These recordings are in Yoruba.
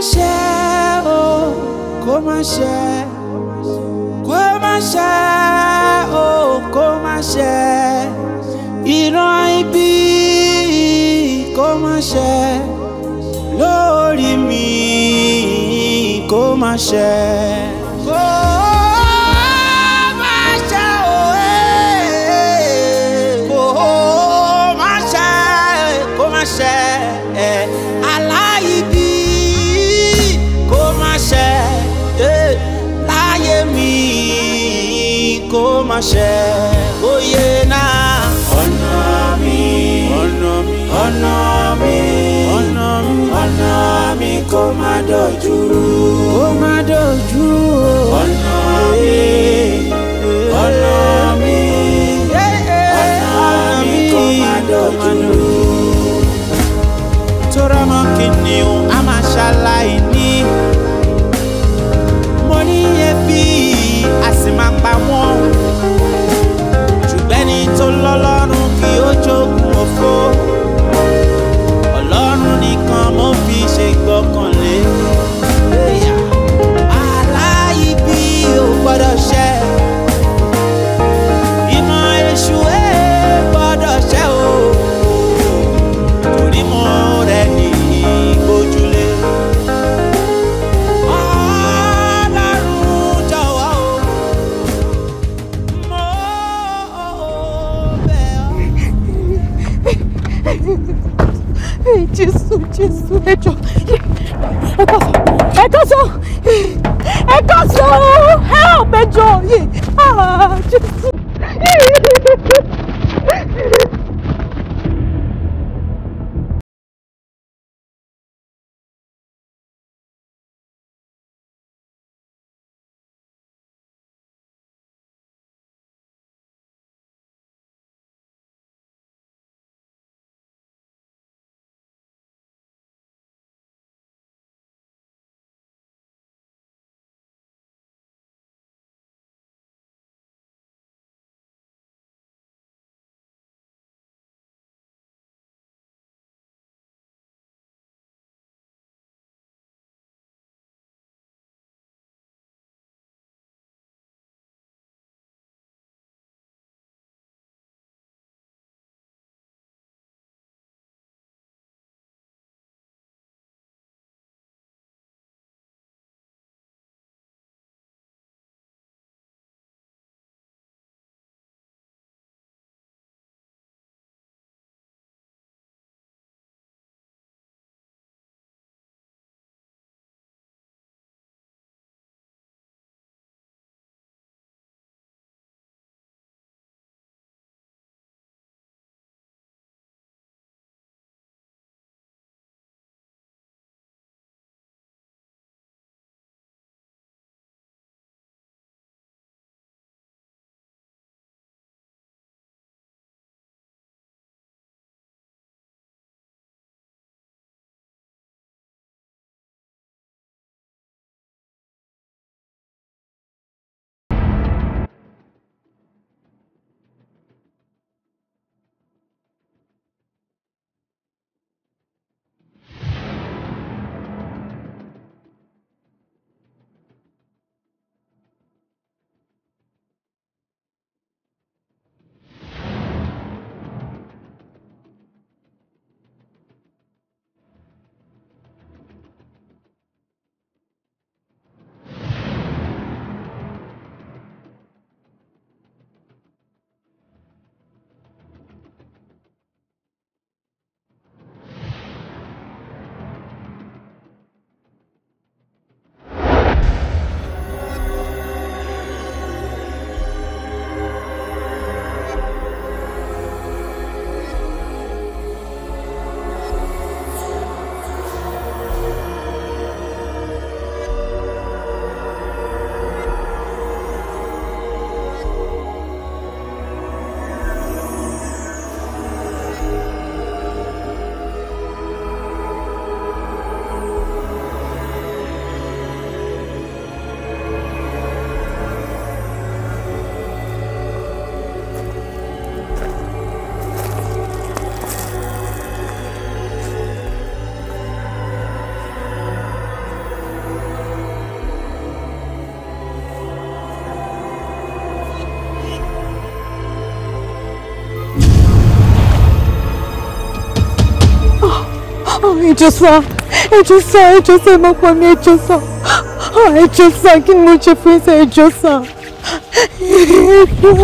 ṣe o kó má ṣe kó má ṣe o kó má ṣe ìran ibi kó má ṣe lórí mi kó má ṣe. ránṣẹ́ oyè náà. ọ̀nà mi ọ̀nà mi ọ̀nà mi ọ̀nà mi ọ̀nà mi kò má dojúrú. kò má dojúrú o. ọ̀nà mi ọ̀nà mi ọ̀nà mi kò má dojúrú. tó rọ́mọ kìnìún a máa ṣàlàyé ní mo ní ebi a sì máa pa wọ́n. 正义。eu sou Eciosa, mă cu mine, Eciosa! Eciosa, când mă ce fui să Eciosa! Eciosa,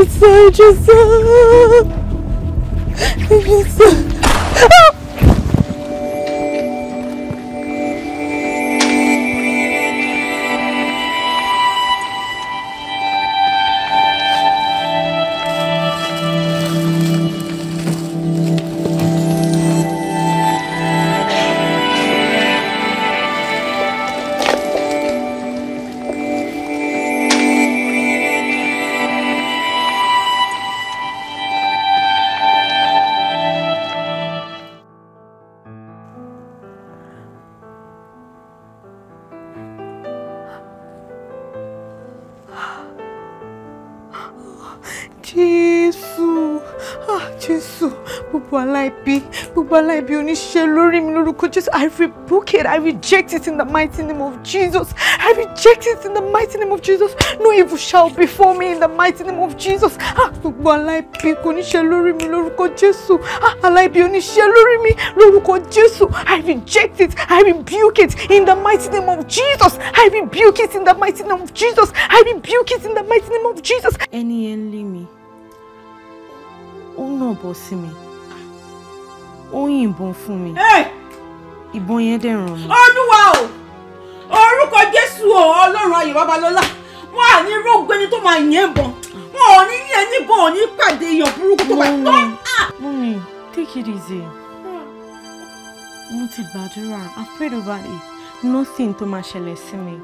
Eciosa! Eciosa! Ọláìbí oníṣẹ́ mi lórúkọ I rebuke it. I reject it in the mighty name of Jesus. I reject it in the mighty name of Jesus. No evil shall befall me in the mighty name of Jesus. Ah, gbogbo Ọláìbí oníṣẹ́ lórí mi lórúkọ Jésù. Ọláìbí ah, oníṣẹ́ lórí mi lórúkọ I reject it. I rebuke it in the mighty name of Jesus. I rebuke it in the mighty name of Jesus. I rebuke it in the mighty name of Jesus. Any yẹn ń lé ó yìnbọn fún mi eh! ìbọn yẹn dẹ̀ ràn mí. olúwa o orúkọ jésù o ọlọ́run ayọ̀ babalọ́lá wọn à ní rògbé ni tó máa yẹn bọ̀n wọn ò ní ní ẹni bọ̀n ò ní pàdé èèyàn burúkú tó máa tọ́. Ah! mummy take it easy ah! mo ti gbàdúrà i prayed over nothing tó máa ṣẹlẹ̀ sí mi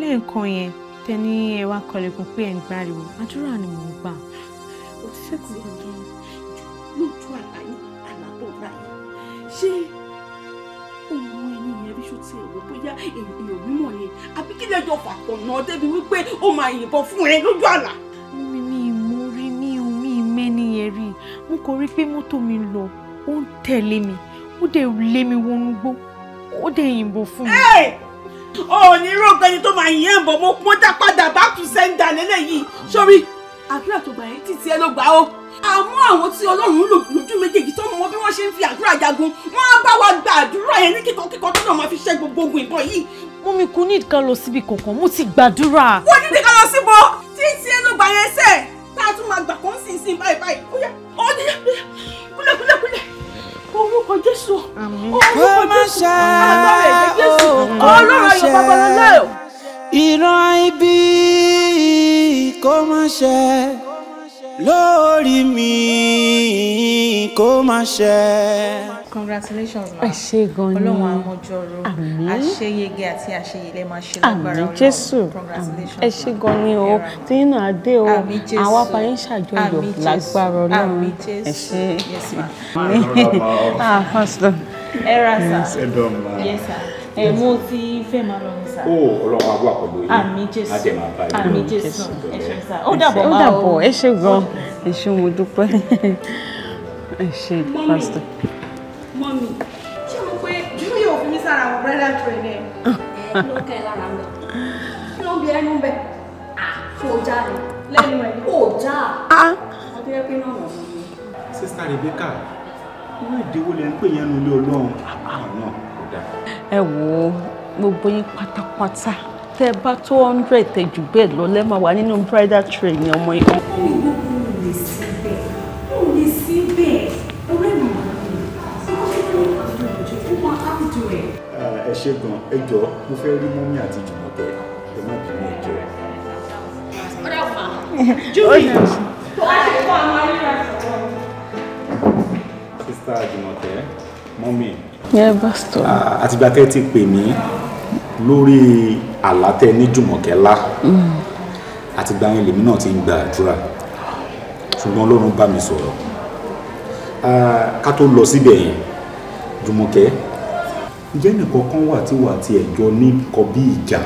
lẹ́ẹ̀kan yẹn tẹni ẹ wá kọlẹ̀kùn pé ẹ̀ ń gbáriwo àdúrà ni mò ń gbà. òtítọ́ kò yẹ kí n ṣé òun ẹni yẹn bí ṣó ti ẹ̀wọ̀ bóyá èèyàn mímọ̀ ni àbí kí lẹ́jọ́ fàkànnà débi wípé ó máa yìnbọn fún ẹ lójú àlá. mi mi mo rí mi ò mi mẹ́ni yẹn rí mo kò rí pé mọ́tò mi lọ ó ń tẹ̀lé mi ó dẹ̀ lé mi wọnú gbó ó dẹ̀ yìnbọn fún mi. òní rògbẹ́ni tó máa yìn ẹ̀bọ̀ mo pọ́n dá padà back to sender lélẹ́yìí sórí àdúrà tó gbà yẹn títí ẹ ló gbà ó àmọ́ àwọn tí ọlọ́run lò lójú méjèèjì tó mọ bí wọ́n ṣe ń fi àdúrà jagun wọ́n á bá wa gba àdúrà yẹn ní kíkọ́kíkọ́ tó náà máa fi ṣe gbogbo ogun ìbọn yìí. mú mi kú ní ìkan lọ síbi kankan mo ti gbàdúrà. wọ́n ní ìkan lọ síbọ̀ tí ń ṣe ló gbà yẹn sẹ̀ tá a tún máa gbà kó ń sìn sí báyìí báyìí kúlẹ̀ kúlẹ̀ kúlẹ̀ kúlẹ̀ orúkọ jésù orúkọ jésù agbára ẹ̀jẹ̀ jésù ọlọ́run ayọ̀ babalọ́lá ìran ibi kò má ṣe lórí mi kó má ṣe. congratulations ma ṣe gan ni ọlọ́run àmọ́jọ́rò àṣeyege àti àṣeyẹlẹ máa ṣe lágbára ọlọ́run jésù ẹ ṣe gan ni o tí náà dé o àwa pa yín ṣàjọyọ̀ lágbára ọlọ́run ẹ ṣe ah pastor ẹ ra sir ẹ dọ̀ ma ẹ mo ti fẹ́ máa lọ ó ọlọ́run àbúrò àpọ̀lọ́ yìí àmì jésù àmì jésù ẹ ṣe sá ó dàbọ̀ ó dàbọ̀ ẹ ṣe gan ẹ ṣe mo dúpẹ́ ẹ ṣe pásítọ̀. mọ́mí ṣé mo pé júmi ò fi mí sára àwọn bírẹ́dà tirẹ̀ ní ẹ̀ ló kẹ́ lára mi kí ló ń bi ẹnu Rebecca irú ìdíwọ́ lẹ ń pè yẹn nílé ọlọ́run àwọn ah, ah, náà kò dáa. ẹ wo gbogbo yín pátápátá tẹ bá tó hundred tẹ jù bẹ́ẹ̀ lọ lẹ máa wà nínú bridal train ọmọ yìí. ẹ ṣe gan ẹ jọ mo fẹ́ rí mọ́mí àti jùmọ̀kẹ́ ẹ má bínú ẹ jọ. ọ̀rẹ́ ọ̀fà júwìí tó yẹn bá sọ. àtìgbà tẹ́ ti pè mí lórí àlátẹ ní jùmọ̀kẹ́lá mm. àtìgbà yẹn lèmi náà ti ń gba àdúrà ṣùgbọ́n ọlọ́run bá mi sọ̀rọ̀ ká tó lọ síbẹ̀ yẹn jùmọ̀kẹ́ ǹjẹ́ nìkan kan wà tí wà tí ẹ̀jọ́ ní kọ bí ìjà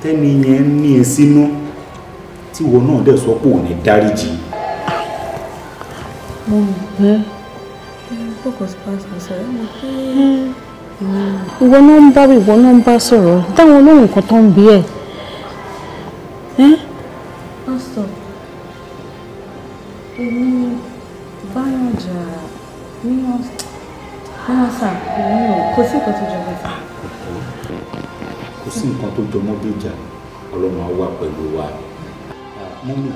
tẹ́ni yẹn ní ẹ sínú tí wọn náà dẹ̀ sọ ní dáríjì. mo rẹ̀ ẹ́ kọ̀ọ̀kan sí pàṣẹ sọ̀rọ̀ mọ̀ pé hmm. ìwọ náà ń bá ìwọ náà ń bá sọ̀rọ̀ táwọn olóhùn nǹkan tó ń bí ẹ̀. pásítọ̀ èmi báyọ̀ jà ní ọ̀sán kò sí nǹkan tó jọ mọ́ kò sí nǹkan tó jọ mọ́ bí ìjà ọlọ́run á wà pẹ̀lú wa mọ́mí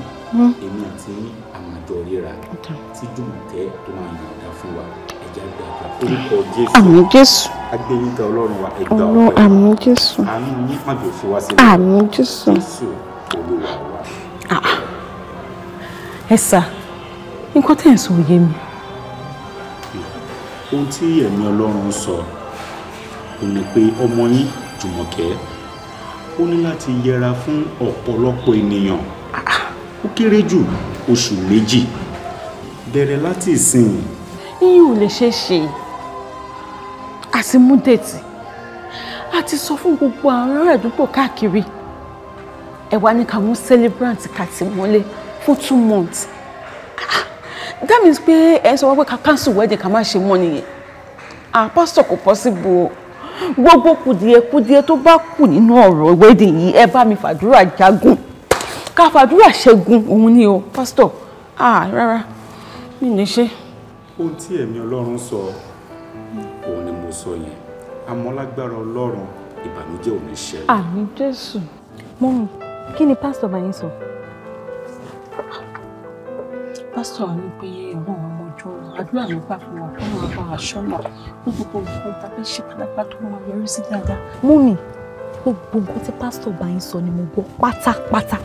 èmi àti àmàjọ ríra tí jùmọ̀kẹ́ tó máa yọ̀ǹda fún wa àmín jésù. agbẹ́yìntà ọlọ́run wa ẹgbà ọ̀pẹ wa àmín jésù. àánú yín má jò fi wá sílẹ̀. àmín jésù. jésù olúwa wa. Ah, ah. ẹ sà nǹkan tẹ̀ ń sọ òye mi. ohun tí ẹ̀mí ọlọ́run sọ kò ní pé ọmọ yín jùmọ̀kẹ́ ó ní láti yẹra fún ọ̀pọ̀lọpọ̀ ènìyàn ah, ó kéré jù oṣù méjì bẹ̀rẹ̀ láti ìsìn yín ò lè ṣe é ṣe àti mú déètì àti sọ fún gbogbo àwọn ará àdúgbò káàkiri ẹ wá ní ká mú celebrant kàtì mọ́lé fún two months that means pé ẹ sọ wá pé ká cancel wedding ká má ṣe mọ́ nìyẹn ah pastor kò possible o gbogbo kùdìẹ̀kùdìẹ̀ tó bá kù nínú ọ̀rọ̀ wedding yìí ẹ bá mi fàdúrà jagun ká fàdúrà ṣẹ́gun òun ni o pastor ah rárá mi ò ní ṣe ohun tí ẹ̀mí ọlọ́run sọ òun ni mo sọ yẹn àmọ́ lágbára ọlọ́run ìbànújẹ́ ò ní ṣẹlẹ̀. àmín jésù mọ́mú kí ni pásítọ̀ bá yín sọ. pásítọ̀ ní pé ẹ̀wọ̀n ọmọ ọjọ́ àdúrà ló bá fún wa fún wa bá wa ṣọ́nà ní gbogbo nǹkan ṣe pátápátá wọn yọrí sí dáadáa. múmi gbogbo nǹkan tí pásítọ̀ bá yín sọ ni mo gbọ́ pátápátá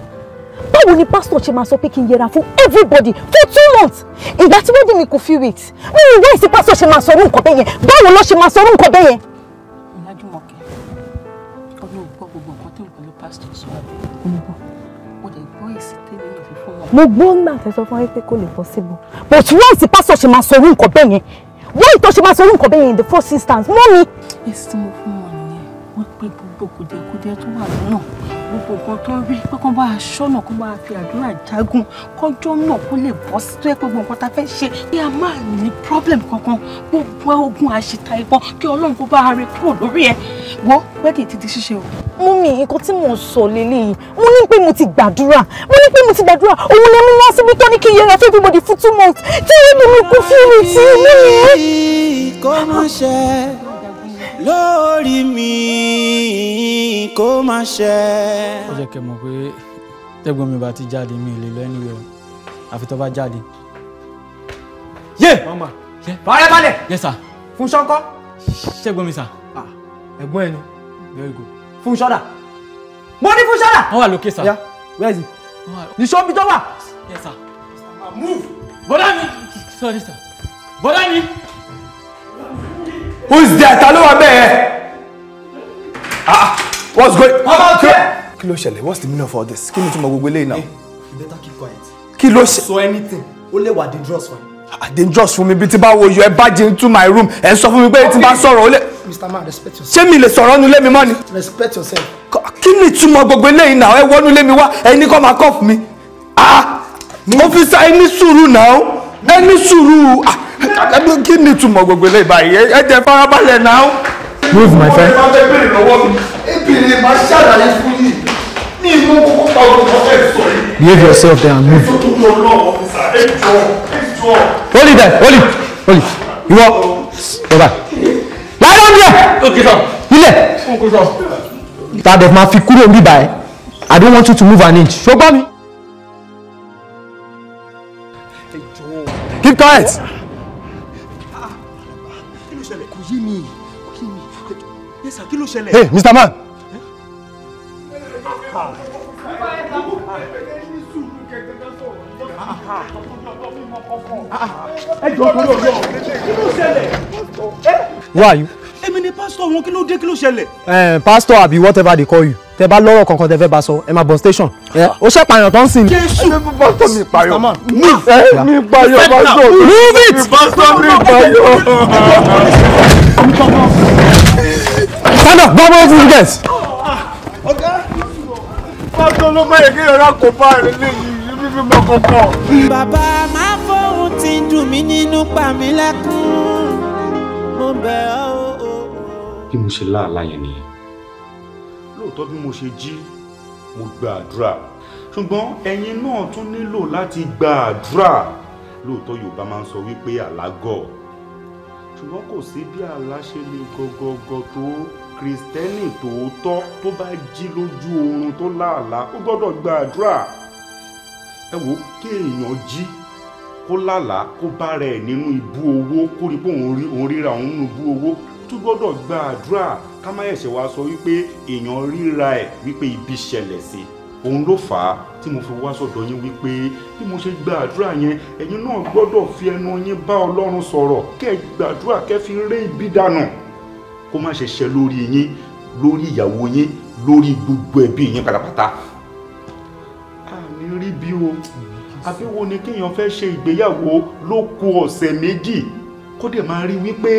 báwo ni pásítọ̀ ṣe máa sọ pé kí n yẹra fún everybody fún three months ìgbà tí wedding mi kò few weeks mi ò wá ìsìn pásọ ṣe máa sọ orú nǹkan bẹ́yẹn báwo ló ṣe máa sọ orú nǹkan bẹ́yẹn. Ọlájúmọ̀kẹ́ ọdún ògbọ́ gbogbo nǹkan tí nǹkan ló pásítọ̀ sọ àbẹ̀ mo lè gbọ́ èsì tẹ́lẹ̀ lọ fi fún wọn. mo gbọ́ nígbà tí sọ fún pé kò lè possible but wá ìsìn pásọ ṣe máa sọ orú nǹkan bẹ́yẹn wá ìtọ́ ṣe máa sọ orú nǹkan bẹ́yẹn in the first instance mọ́ mi. èsì tí mo fún wọn nìyẹn wọ́n pẹ́ gbogbo kùdìẹ̀kùdìẹ̀ tó wà náà gbogbo nǹkan tó ń rí pé kán bá a ṣọ́nà kán bá a fi àdúrà jagun kọjọ́ náà kó lè bọ́ sí tó yẹ pé gbogbo nǹkan tá a fẹ́ ṣe kí a má ní problem kankan gbogbo ogun àṣetà ìbọn kí ọlọ́run kó bá a rẹ kúrò lórí ẹ wo wẹ́ẹ̀dì ti di ṣíṣe o. mú mi nǹkan tí mò ń sọ lélẹ́yìí mo ní pé mo ti gbàdúrà mo ní pé mo ti gbàdúrà òun lè mú wá síbi tó ní kí yẹra fún everybody for two months tí èmi mi kú fún mi tí mú mi. kọ́mọṣẹ́ lórí mi kó má ṣe. ó jẹ́ kẹ́ mọ̀ pé tẹ́gbọ́n mi bá ti jáde mi ò lè lọ ẹni wẹ̀rọ àfi tó bá jáde. yé mama bàárẹ̀ balẹ̀. yẹ sà. fún sọ́kọ́. ṣẹ́gbọ́n mi sà. Ah, ẹ̀gbọ́n ẹ ni very good. fún sọ́dà. mo ní fún sọ́dà. wọ́n wà lókè sà. where is he. ní sọ́ọ́bì tó wà. yẹ sà. move. bọ́dá mi. sorry sà. bọ́dá mi. Who is there ta ló wà ah what's going on kí ló ṣẹlẹ̀ what's the meaning of all this kí ni túmọ̀ gbogbo eléyìí now. Eh, you better keep quiet. kí ló ṣe. so anything ó lè wà dangerous for you. ah dangerous fún mi bí tí bá wo yọ ẹ bá jẹ into my room ẹ sọ fún mi pé tí bá sọ̀rọ̀ ó lè. mr man respect yourself. ṣé mi lè sọ̀rọ̀ nulẹ̀ mi mọ́ ni. respect yourself. kí ni túmọ̀ gbogbo eléyìí now ẹ wọnú lé mi wá ẹni kọ́ máa kọ́ fún mi. ah officer, ẹ ní sùúrù now ẹ ní sùúrù ah kí ni ìtumọ̀ gbogbo ilé ìbáyìí ẹ jẹ́ farabalẹ̀ náà. move my friend. ọmọ ìfẹ́ bèrè lọ́wọ́ mi ebèrè máa ṣàlàyé fún yìí ní inú kókó pa olùkọ́ fẹ́ sọ yìí. behave yourself there and move. ètò tó lọ lọ ọ̀fíìsà ẹ jọ ẹ jọ. hold it there hold it hold it ìwọ bàbá láyé ọ̀nìyẹ ilẹ̀ tàdọ̀ máa fi kúrò níbà ẹ̀ I don't want you to move an inch ṣó gbọ́ mi. keep quiet. kí ló ṣẹlẹ̀. hey mr man. Why jọ kúrò lọ kí ló ṣẹlẹ̀. who are you. èmi ni pásítọ̀ wọn kí ló dé kí ló ṣẹlẹ̀. Eh, pásítọ̀ àbí whatever they call you tẹ bá lọ́rọ̀ kankan tẹ fẹ́ bá sọ ẹ máa bọ̀ station eh, ó ṣe pààyàn tó ń sìn. jésù pásítọ̀ mi pààyàn move ẹ eh, mi pààyàn pásítọ̀ move it pásítọ̀ mi pààyàn stand up gbọ́n bọ́ọ̀sì gẹ̀ẹ́sì. ọ̀gá pàtó ló máa yẹ kí ìrora kò ti dùn mí nínú pa mí lẹ́kún mo bẹ̀ ọ́ o. bí mo ṣe láàlá yẹn nìyẹn lóòótọ́ bí mo ṣe jí mo gba àdúrà ṣùgbọ́n ẹ̀yin náà tún nílò láti gba àdúrà lóòótọ́ yorùbá máa ń sọ wípé àlágọ̀ ṣùgbọ́n kò sí bí àlá ṣe lè gọgọgọ kristẹni tòótọ́ tó bá jí lójú oorun tó láàlá ó gbọ́dọ̀ gba àdúrà ẹ wò ó kéèyàn jí kó lálàá kó bára ẹ̀ nínú ibú owó kó rí pé òun ríra òun nínú ibú owó tó gbọ́dọ̀ gba àdúrà ká má ẹ̀ṣẹ̀ wá sọ wípé èèyàn ríra ẹ̀ wípé ibi ṣẹlẹ̀ sí òun ló fà á tí mo fi wá sọ́dọ̀ yín wípé bí mo ṣe gba àdúrà yẹn ẹ̀yin náà gbọ́dọ̀ fi ẹnu yín bá Ọlọ́run sọ̀rọ̀ kẹ́ gbàdúrà kẹ́ fi ré ibi dànù kó má ṣe ṣe lórí yín lórí ìyàwó yín lórí gbogbo ẹbí yín pátápátá. àmì rí bí o àbí wo ni kéèyàn fẹ́ ṣe ìgbéyàwó ló kù ọ̀sẹ̀ méjì kó dẹ̀ máa rí wípé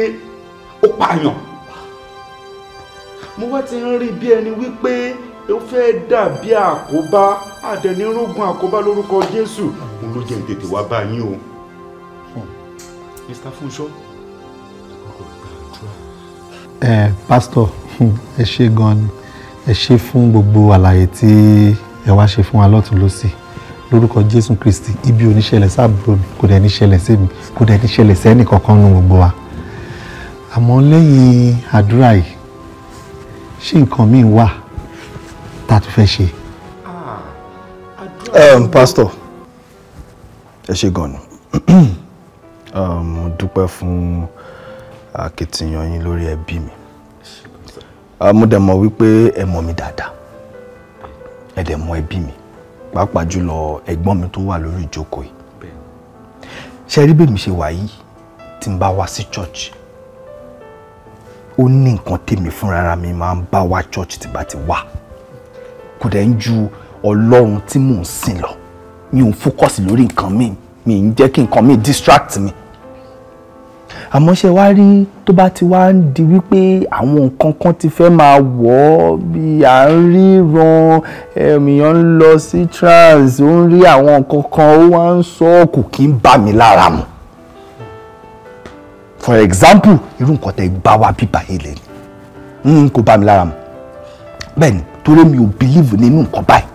ó pààyàn mo wá ti ń rí bí ẹni wípé ó fẹ́ dàbí àkóbá àdẹnirógun àkóbá lórúkọ Jésù òun ló jẹ́ ń tètè wá bá yín o Mr. Funsho ẹ pásítọ̀ ẹ ṣe gan ni ẹ ṣe fún gbogbo àlàyé tí ẹ wá ṣe fún wa lọ́tún lọ́sì lórúkọ jésù kristi ibi ò ní ṣẹlẹ̀ sáàbùrò mi kò dẹ̀ ní ṣẹlẹ̀ sí mi kò dẹ̀ ní ṣẹlẹ̀ sẹ́ni kankan nu gbogbo wa àmọ́ lẹ́yìn àdúrà yìí ṣé nǹkan míì wà tá a tún fẹ́ ṣe. Ah, um, pásítọ̀ ẹ ṣe gan ni um, mo dúpẹ́ fún. Um, akitiyan yín lori ẹbí mi mo dẹ̀ mọ̀ wípé ẹ mọ̀ mi dáadáa ẹ dẹ̀ mọ̀ ẹbí mi pàápàá jùlọ ẹ̀gbọ́n mi tó wà lórí ìjókòó yìí ṣe rí bèmi ṣe wà yìí tí n bá wá sí church ó ní nǹkan tèmi fúnra mi máa ń bá wá church tí bá ti wá kò dẹ̀ ń ju ọlọ́run tí mò ń sìn lọ mi ò ń fókọ̀sì lórí nǹkan mi mi ń jẹ́ kí nǹkan mi distract mi àmọ́ ṣe wá rí tó bá ti wá ń di wípé àwọn nǹkan kan ti fẹ́ máa wọ̀ ọ́ bí à ń ríran èèyàn ń lọ sí trance ó ń rí àwọn nǹkan kan ó wá ń sọ kù kí ń bà mí lára mu for example irú nǹkan tẹ gbá wá bíbá yìí lẹ́nu n hmm, kò bá mi lára mu bẹ́ẹ̀ torí mi ò believe nínú nǹkan báyìí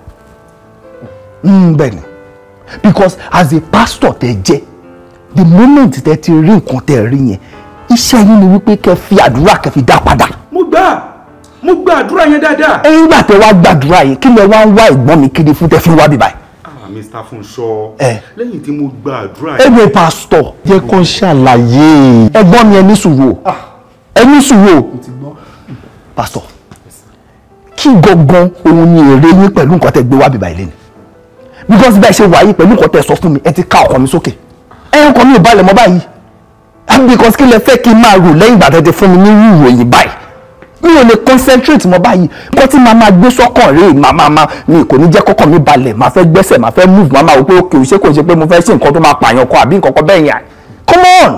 hmm, bẹ́ẹ̀ ni because as a pastor tẹ jẹ́ the moment tẹ ti rí nǹkan tẹ rí yẹn iṣẹ́ yín ni wípé kẹ fi àdúrà kẹ fi dá padà. mo gbà mo gba àdúrà yẹn dáadáa. ẹ̀yin gbà tẹ wá gbàdúrà yẹn kí lẹ wá ń wá ìgbọ́n mi kiri fún tẹ fi wá bíbáyìí. Ah, Mr. Funsho lẹ́yìn tí mo gba àdúrà yẹn. ẹgbẹ́ pásítọ̀ jẹ́ kó ṣàlàyé ẹgbọ́n mi ẹni sùúrù ah. ẹni sùúrù pásítọ̀ kí gangan òun ni èrè yín pẹ̀lú nǹkan tẹ gbé wá bíbáyìí lẹ́nu because bẹ́ẹ̀ ṣe wà yìí pẹ̀lú nǹkan tẹ sọ fún mi ẹ ti ká ọkàn mi sókè ẹ̀rọ kan mi ò balẹ̀ mọ́ báyìí because kí lẹ fẹ́ kí n máa rò lẹ́yìn ìgbà tẹ̀tẹ̀ fún mi ní rúurú yìí báyìí mi ò lè concentrate mọ́ báyìí nǹkan tí màá máa gbé sọ́kàn rèé màá máa máa mi kò ní jẹ́ kọ́kàn mi balẹ̀ màá fẹ́ gbẹ́sẹ̀ màá fẹ́ move màá máa wò pé òkè òṣè kò ṣe pé mo fẹ́ ṣe nǹkan tó máa pààyàn kan àbí nǹkan kan bẹ́ẹ̀ yẹn come on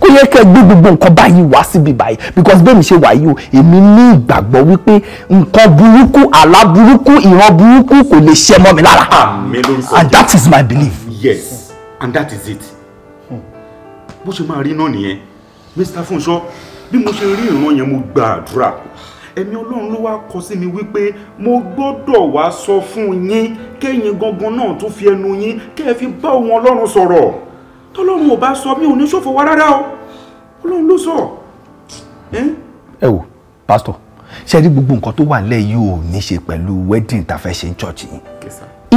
kó yẹ kẹ́ gbé gbogbo nǹkan báyìí wá síbi báyìí because bẹ́ẹ̀ mi ṣe wà yìí o èmi ní ìgbàgbọ́ wípé nǹkan burúkú àlá burúkú ìran burúkú kò lè ṣe mọ́ mi lára and that is my belief. yes and that is it bó ṣe máa rí náà nìyẹn mr Fúnṣọ́ bí mo ṣe rí ìran yẹn mo gba àdúrà ẹ̀mí ọlọ́run ló wá kọ sí mi wípé mo gbọ́dọ̀ wá sọ fún yín kẹ́yìn gangan náà tó fi ẹnu yín kẹ́ ẹ fi bá òun ọlọ́run sọ̀rọ̀ tọ́lọ́run ò bá sọ mí ò ní ṣòfò wá rárá o ọlọ́run ló sọ. ẹ wo pásítọ̀ ṣe rí gbogbo nǹkan tó wà nílẹ̀ yìí ò ní ṣe pẹ̀lú wedding tá a fẹ́ ṣe ní ṣọ́ọ̀ṣì yìí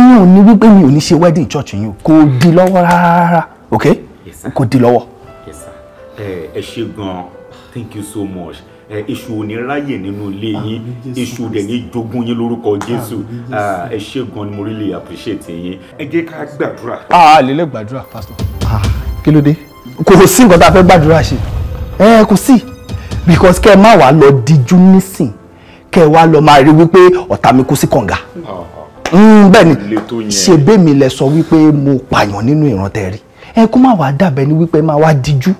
yín ò ní wípé mi ò ní ṣe wedding church yín o kò di lọ́wọ́ rárá ok kò di lọ́wọ́. ẹ ṣe gan-an thank you so much èṣù ò ní ráyè nínú ilé yín èṣù dẹ̀ ní jogún yín lórúkọ jésù ẹ ṣe gan-an ni mo really appreciate yín ẹ jẹ́ ká gbàdúrà. a lè lè gbàdúrà pastor kí ló dé kò sí nǹkan tá a fẹ́ gbàdúrà ṣe ẹ kò sí because kẹ́ ẹ má wàá lọ díjú nísìn kẹ́ ẹ wá lọ máa rí wípé ọ̀tá mi kú sí kànga. Ah. Mm, bẹ́ẹ̀ni ṣebí mi lẹ sọ wípé mo pààyàn nínú ìrántẹ rí ẹ kó má wàá dàbẹ ni wípé má wàá díjú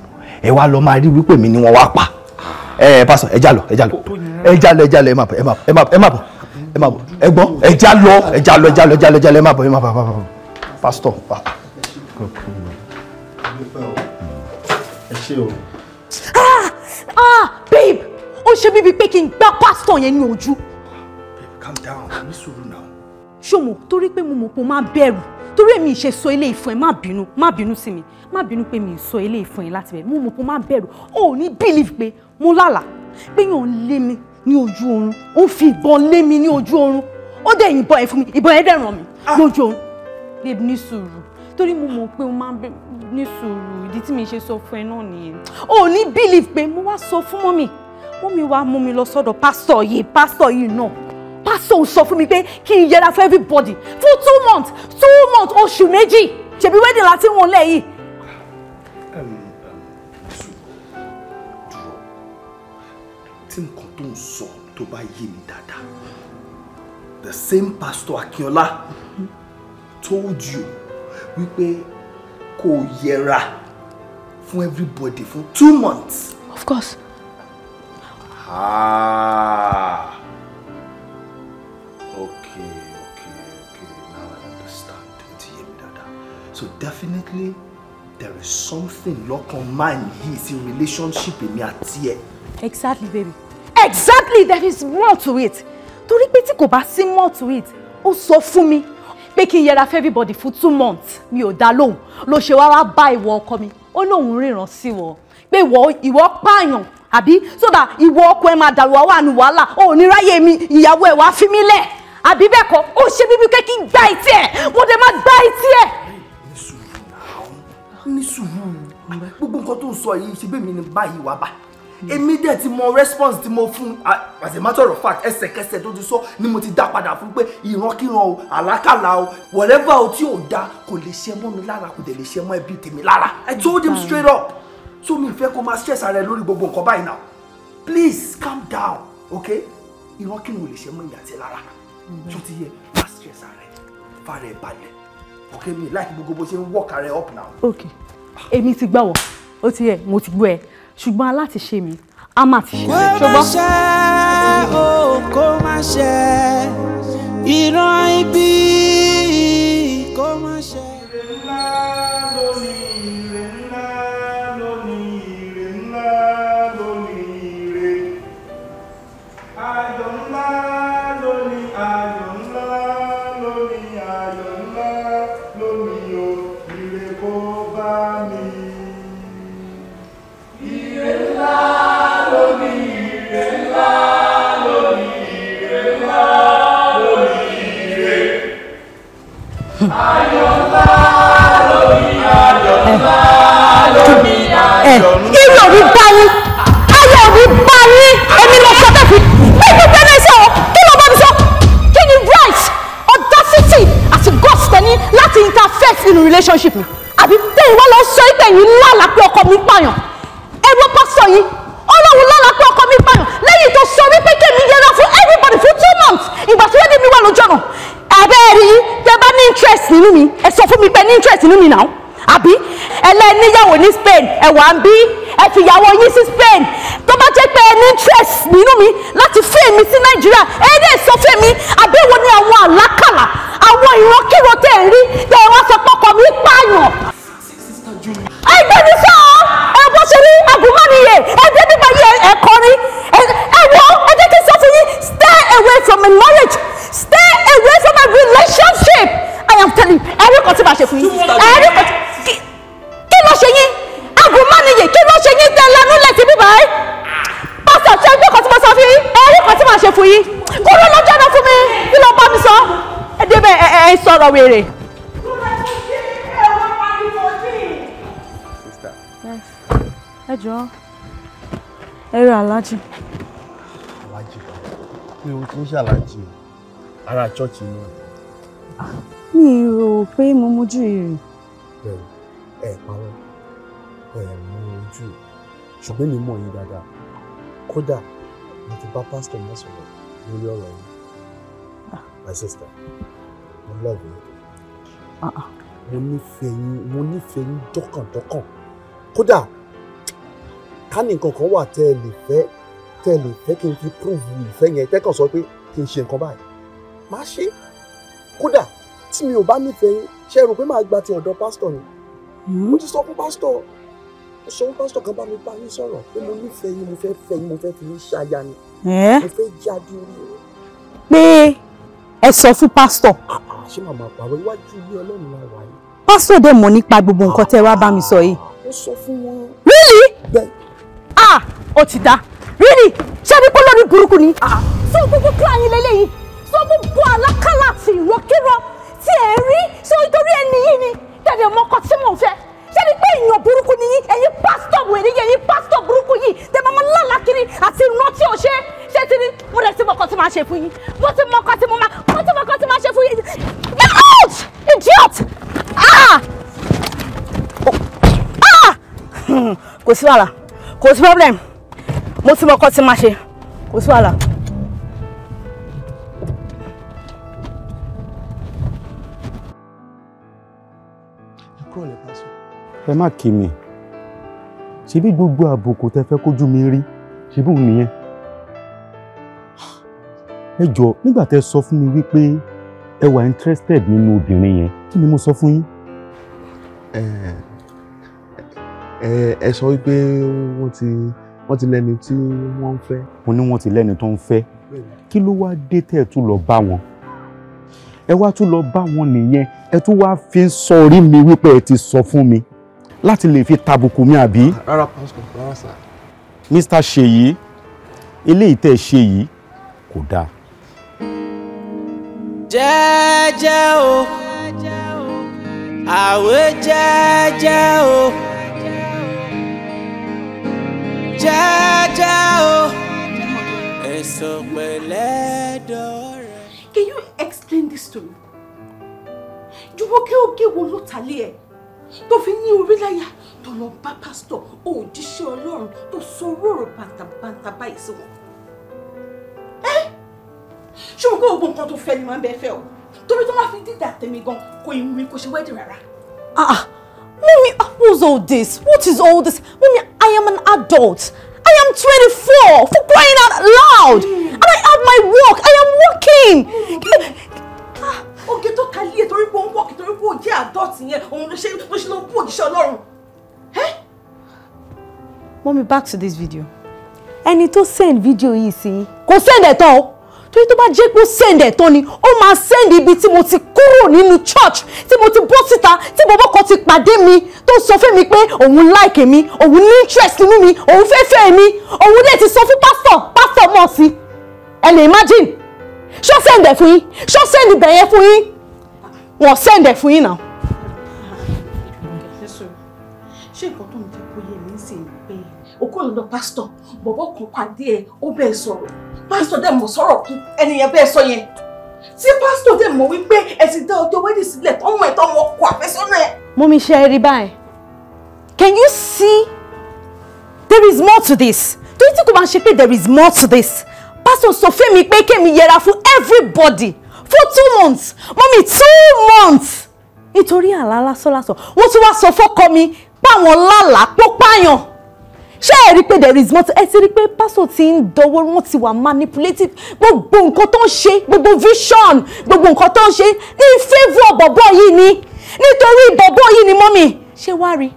ẹ wá lọ máa rí wípé mi ni wọn wá pa ẹ ẹ pásọ ẹ já lọ ẹ já lọ ẹ já lọ ẹ já lọ ẹ má bọ ẹ má bọ ẹ má bọ ẹ má bọ ẹ gbọ́ ẹ já lọ ẹ já lọ ẹ já lọ ẹ já lọ ẹ já lọ ẹ má bọ ẹ má bọ pásítọ pa. ẹ ṣe o. ah ah babe o ṣe bíbi pé kí n gbá pásítọ yẹn ní ojú. babe calm down ní sùúrù náà ṣòmò torí pé mo mọ̀ pé o máa bẹ̀rù torí èmi ìṣe sọ ilé ìfún ẹ má bínú má bínú sí mi má bínú pé mi ì sọ ilé ìfún ẹ láti bẹ̀rẹ̀ mo mọ̀ pé o máa bẹ̀rù o ò ní bílíf pé mo lálà pé yàn ń lé mi ní ojú oorun ó fi ìbọn lé mi ní ojú oorun ó dẹ̀ yìnbọn ẹ̀ fún mi ìbọn ẹ̀ dẹ̀ ràn mí ah. lójú oorun babe ní sùúrù torí mo mọ̀ pé o máa ní sùúrù ìdí tí mi ṣe sọ fún ẹ náà nìyẹn o ò ní bílíf pé mo wá sọ fún mọ́mì mọ́mì wá mú mi lọ sọ́dọ̀ pásítọ̀ yìí pásítọ̀ yìí náà Pastor, sọ fún mi pé kí n yẹra fún everybody for two months two months oṣù méjì ṣèbí wedding láti wọn lẹ́yìn. tí nǹkan tó ń sọ tó bá yé mi dáadáa the same pastor Akínọlá told you wípé kò yẹra fún everybody for two months. of course. Ah. so definitely there is something lọ́kàn máa ń yí sí relationship me at here. exactly baby exactly there is more to it To repeat it, kò bá sí more to it ó sọ fún mi pé kí n everybody for two months Me ò dá lo shewawa buy wá coming. bá no ọkọ mi ó lóun Be sí wọ pé ìwọ ìwọ so that ìwọ ọkọ ẹ máa dàrú wá wà ní wàhálà ò ní ráyè mi ìyàwó ẹ wá fi mí lẹ̀ àbí bẹ́ẹ̀ kọ́ ó ṣe bíbí pé kí n ní sùúrù gbogbo nǹkan tó ń sọ yìí ṣe bẹ́ẹ̀ ni báyìí wà bá èmi dẹ̀ ti mọ response tí mo fún as a matter of fact ẹsẹ̀kẹsẹ̀ tó ti sọ ni mo ti dá padà fún pé ìrankíran o àlákàlà o whatever o tí ò da kò lè ṣe mọ́ mi lára kò dẹ̀ lè ṣe mọ́ ẹbí tèmi lára I told him straight up so mi fẹ́ kó máa stress ara ẹ lórí gbogbo nǹkan báyìí now please calm down okay ìrankíran ò lè ṣe mọ́ ìyàtẹ̀ lára tó ti yẹ máa stress ara ẹ fara ẹ balẹ̀ Okay, me like gbogbo bó ṣe ń work ara ẹ up now. Okay, èmi ti gbàwọ̀ ó ti yẹ mo ti gbọ́ ẹ ṣùgbọ́n aláti ṣe mi a máa ti ṣe ṣùgbọ́n. o kó má ṣe ìran ibi kó má ṣe. Eh, eh, irú òbí bá yín ayé òbí bá yín èmi lọ sọ bẹ́ẹ̀ fi bẹ́ẹ̀ fi bẹ́ẹ̀ sọ kí ló bá mi sọ kí ni right audacity àti guts tẹ́ni láti interfere in relationship mi àbí tẹ̀yìn wá lọ sọ ìgbẹ̀ yìí lálàá pé ọkọ mi pààyàn ẹ wo pásítọ̀ yìí ọlọ́run lálàá pé ọkọ mi pààyàn lẹ́yìn tó sọ wípé kí yẹra fún everybody fún two months ìgbà tí wọ́n dé mi wà lójú ọ̀nà abẹ́ẹ̀rí tẹ bá ní interest nínú mi ẹ sọ fún mi pé ní interest nínú mi náà àbí ẹlẹ́níyàwó ní Spain ẹ̀wà ń bí ẹ fìyàwó yín sí Spain tó bá jẹ́ pé ẹ ní interest nínú mi láti fún èmi sí Nàìjíríà ẹ ní èso fún mi àbí wo ni àwọn àlákàlà àwọn ìrankíro tẹ̀ ń rí tẹ̀ wá sọ pọ́kọ mi pààyàn. àìgbẹ́ni sọ ẹ bó ṣe rí agùnmánìyẹ ẹ débi báyìí ẹ kọrin ẹ wọ ẹ jẹ́ kí n sọ fún yín stay away from my knowledge. kan tí màá ṣe fún yín ẹ̀rí kan kí ló ṣe yín aago mánìyè kí ló ṣe yín tẹ́lẹ̀ núlẹ̀ tí bíbá ẹ̀ pásítọ̀ ṣe ẹgbẹ́ kan tí mo sọ fún yín ẹ̀rí kan tí màá ṣe fún yín kúrò lọ́jọ́ náà fún mi kí ló bá mi sọ ẹ̀ débẹ̀ ẹ̀ sọ̀rọ̀ wèrè. ẹ jọ̀ọ́ ẹ rí aláàjì. aláàjì mi ò kí ń ṣàlàjì ara ṣọ́ọ̀ṣì náà mi rò pé mo mójú ìrìn. bẹ́ẹ̀ ẹ parọ́ ẹ mú ṣùgbọ́n mi mọ̀ yín dáadáa kódà mo ti bá pásítọ̀ náà sọ̀rọ̀ lórí ọ̀rọ̀ yìí ah. my sister mo love you ah, ah. mo nífẹ̀ẹ́ yín mo nífẹ̀ẹ́ yín dọ́kàndọ́kàn kódà ká ní nǹkan kan wà tẹ́ ẹ lè fẹ́ tẹ́ ẹ lè fẹ́ kí n fi prove ìfẹ́ yẹn tẹ́kàn sọ pé kí n ṣe nǹkan báyìí má ṣe kódà tí mi ò bá nífẹ̀ẹ́ yín ṣe rò pé màá gba ti ọ̀dọ̀ pásítọ̀ ni hmm? mo ti sọ fún pásítọ̀ mo sọ fún pásítọ̀ kan bá mi bá yín sọ̀rọ̀ pé mo nífẹ̀ẹ́ yín mo fẹ́ fẹ́ yín mo fẹ́ fi yín ṣaya ni mo fẹ́ jáde orí rẹ̀. pé ẹ sọ fún pásítọ̀. ṣé màmá pàrọ̀ iwájú ilé ọlọ́run la wà yìí. pásítọ̀ dẹ̀ mọ̀ nípa gbogbo nǹkan tẹ́ wá bá mi sọ yìí. ó sọ fún wọn. really? bẹ́ẹ̀. ah ó ti dá really ṣé ní pọ́lọ́ọ̀dù burúkú ni. Ah. sọ gbogbo kíláàyìn lélẹ́yìn sọ gbogbo àlákàlà àti ìrọ́kírọ́ tí ẹ rí so nítorí ẹni yìí ni tẹ̀lé mọ́kọ tí mò ń fẹ́ ṣé ni pé èèyàn burúkú ni yín ẹ̀yin pásítọ̀ wèrè yín ẹ̀yin pásítọ̀ burúkú yìí tẹ máa máa lálàkiri àti iná tí ṣé ti ní mo rẹ̀ sí mọ́kọ tí máa ṣe fún yín mo ti mọ́kọ tí mo máa mo ti mọ́kọ tí máa ṣe fún yín get out idiot ah ah hmm, kò sí wàhálà kò sí problem mo ti mọ́kọ tí máa ṣe kò sí wàhálà. ẹ má kì mí ṣebí gbogbo àbùkù tẹ fẹ́ kójú mi rí ṣebí òun nìyẹn ẹ jọ nígbà tẹ sọ fún mi wípé ẹ wà interested nínú obìnrin yẹn kí ni mo sọ fún yín. ẹ ẹ ẹ sọ wípé wọ́n ti wọ́n ti lẹ́ni tí wọ́n ń fẹ́. mo ní wọ́n ti lẹ́ni tó ń fẹ́ kí ló wá dé tẹ́ ẹ tún lọ bá wọn ẹ wá tún lọ bá wọn nìyẹn ẹ tún wá fi ń mi wípé ẹ ti sọ fún mi láti lè fi tàbùkù mi àbí. rárá pásítọ̀ rárá sà. Mr. Ṣèyí eléyìí tẹ́ ẹ ṣe yìí kò dáa. jẹ́jẹ́ o àwẹ̀ jẹ́jẹ́ o jẹ́jẹ́ o èso pẹ̀lẹ́ dọ́rẹ́. Can you explain this to me? juwoke oge wo ló ta lé ẹ tó fi ní orí láyà tó lọ bá pásítọ̀ òjíṣẹ́ ọlọ́run tó sọ rọ̀rọ̀ bàtàbàtà báyìí sí wọn. ẹ ṣé mo kó oògùn kan tó fẹ́ ni máa bẹ fẹ́ o torí tó máa fi dídà tèmi gan kò ì mi kò ṣe wẹ́ẹ̀dì rárá. Ah, ah. Mummy, ah, what's all this? What is all this? Mummy, I am an adult. I am twenty-four. for crying out loud. Mm. And I have my work. I am working. Mm oge tó ka lé e torí pé ó ń wọ̀kì torí pé ó jẹ́ àdọ́tì yẹn òun ló ṣe ló ṣe ló bú òjíṣẹ́ ọlọ́run. Mommy back to this video ẹni tó send video yìí sí kò send ẹ̀ tán o torí tó bá jẹ́ pé ó send ẹ̀ tán ni ó máa send ibi tí mo ti kúrò nínú church tí mo ti bọ́ síta tí bọ́bọ́ kan ti pàdé mi tó sọ fún mi pé òun like mi òun ní interest nínú mi òun fẹ́ fẹ́ mi òun dẹ̀ ti sọ fún pásítọ̀ pásítọ̀ mọ̀ sí ẹ lè imagine ṣó sẹ́ǹdẹ̀ fún yín ṣó sẹ́ǹdì bẹ̀yẹn fún yín wọ́n sẹ́ǹdẹ̀ fún yín náà. ṣé nǹkan tó ń jẹ́ kó yé mi ń sìn pé òkú ọ̀dọ̀ pásítọ̀ bọ̀bọ̀ kan pàdé ẹ̀ ó bẹ́ẹ̀ sọ̀rọ̀ pásítọ̀ dẹ̀ mọ̀ sọ̀rọ̀ kú ẹnìyẹn bẹ́ẹ̀ sọ yẹn tí pásítọ̀ dẹ̀ mọ̀ wípé ẹ ti dá ọjọ́ wẹ́dì sílẹ̀ tọ́mọ ẹ̀ tọ́mọ ọkọ̀ àfẹ́sọ́nà ẹ̀. mọ́mí ṣe é báyìí can you see there is more to this don't you think o máa ṣe pé there is more to this Pastor sọ fún me pé kémi yẹra fún everybody for two months mommy. two months nítorí àlá lásánlásán wọ́n tún wá sọ fọ́kọ mi páwọn lálàá lala. páyàn ṣé ẹ rí i pé there is more ẹ ti rí i pé pásítọ̀ ti ń dọwọ́ wọn ti wà manipulative gbogbo nǹkan tó ń ṣe gbogbo vision gbogbo nǹkan tó ń ṣe ní favour bọ̀bọ̀ yìí ni nítorí Bobo yìí ni mọ́mí ṣé wá rí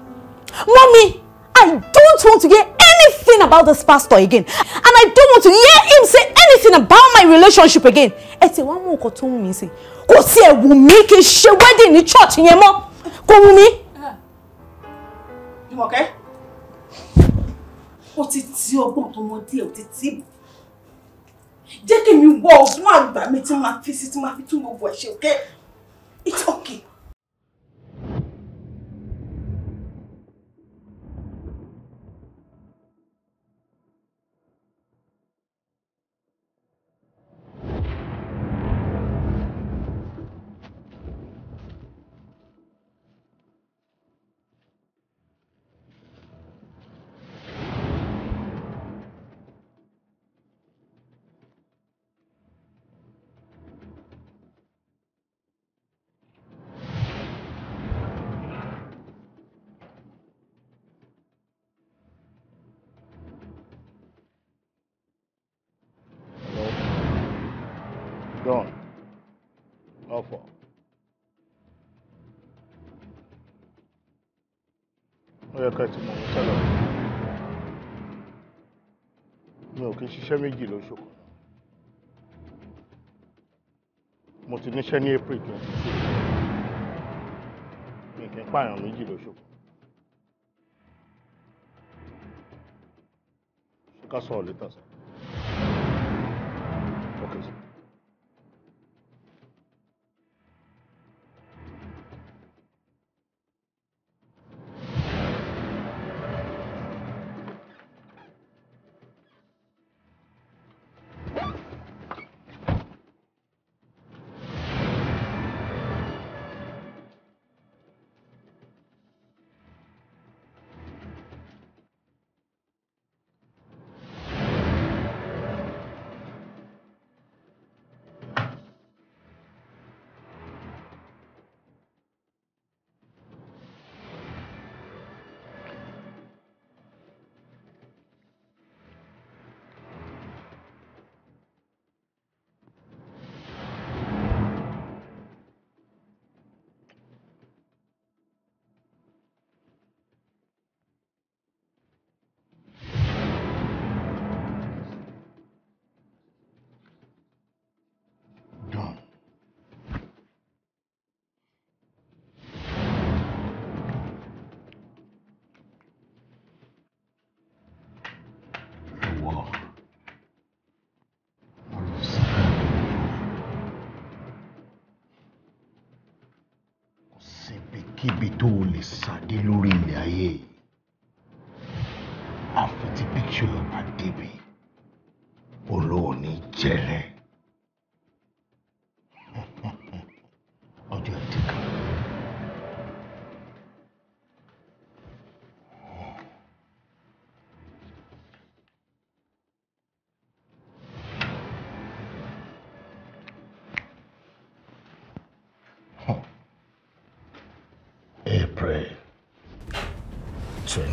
mọ́mí I don't want to get anything about this pastor again and I don't want to hear him say anything about my relationship again ẹ ti wá mú nǹkan tó wù mí sí kò sí ẹ wù mí kí n ṣe wedding ní church yẹn mọ́ kò wù mí. Jùmọ̀kẹ́ ó ti ti ọgbọ́n tó mọ díẹ̀ ó ti tì í jẹ́ kí mi wọ ọgbọ́n àgbà mi tí máa fi sí tí máa fi tún gbogbo ẹ̀ ṣe okay it's okay. kẹ́ẹ̀ tí mò ń sọ̀rọ̀ mi ò kí ń ṣiṣẹ́ méjì lóṣù kan mo ti níṣẹ́ ní April twenty six mi kì í pààyàn méjì lóṣù kan ká sọ̀rọ̀ létà sọ.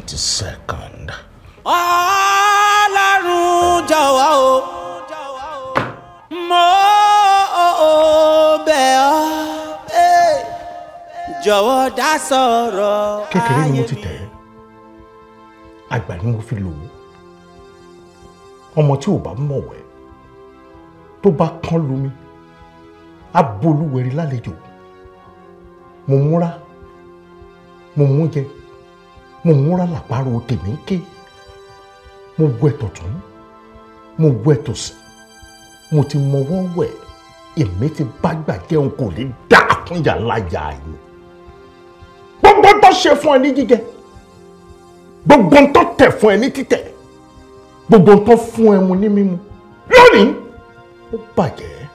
twenty second. ọlọ́run jọ̀wọ́ o mo bẹ̀ ọ́ jọ̀wọ́ dá sọ̀rọ̀ ayé mi. kékeré ni mo ti tẹ̀ àgbà ni mo fi lò ó ọmọ tí ò bá mọ̀wẹ́ tó bá kán lómi abolúwẹ̀rí lálejò mo múra mo mú jẹ mo múra làpárò tèmi ń ké mo bu ẹ̀tọ̀ tún mo bu ẹ̀tọ̀ sí mo ti mọwọ́ wẹ̀ èmi ti bá gbà jẹun kò lè dá àkúnya láyà yìí gbogbo tó ṣe fún ẹ ní jíjẹ gbogbo tó tẹ̀ fún ẹ ní títẹ̀ gbogbo tó fún ẹ mu ní mímu lónìí ó bàjẹ́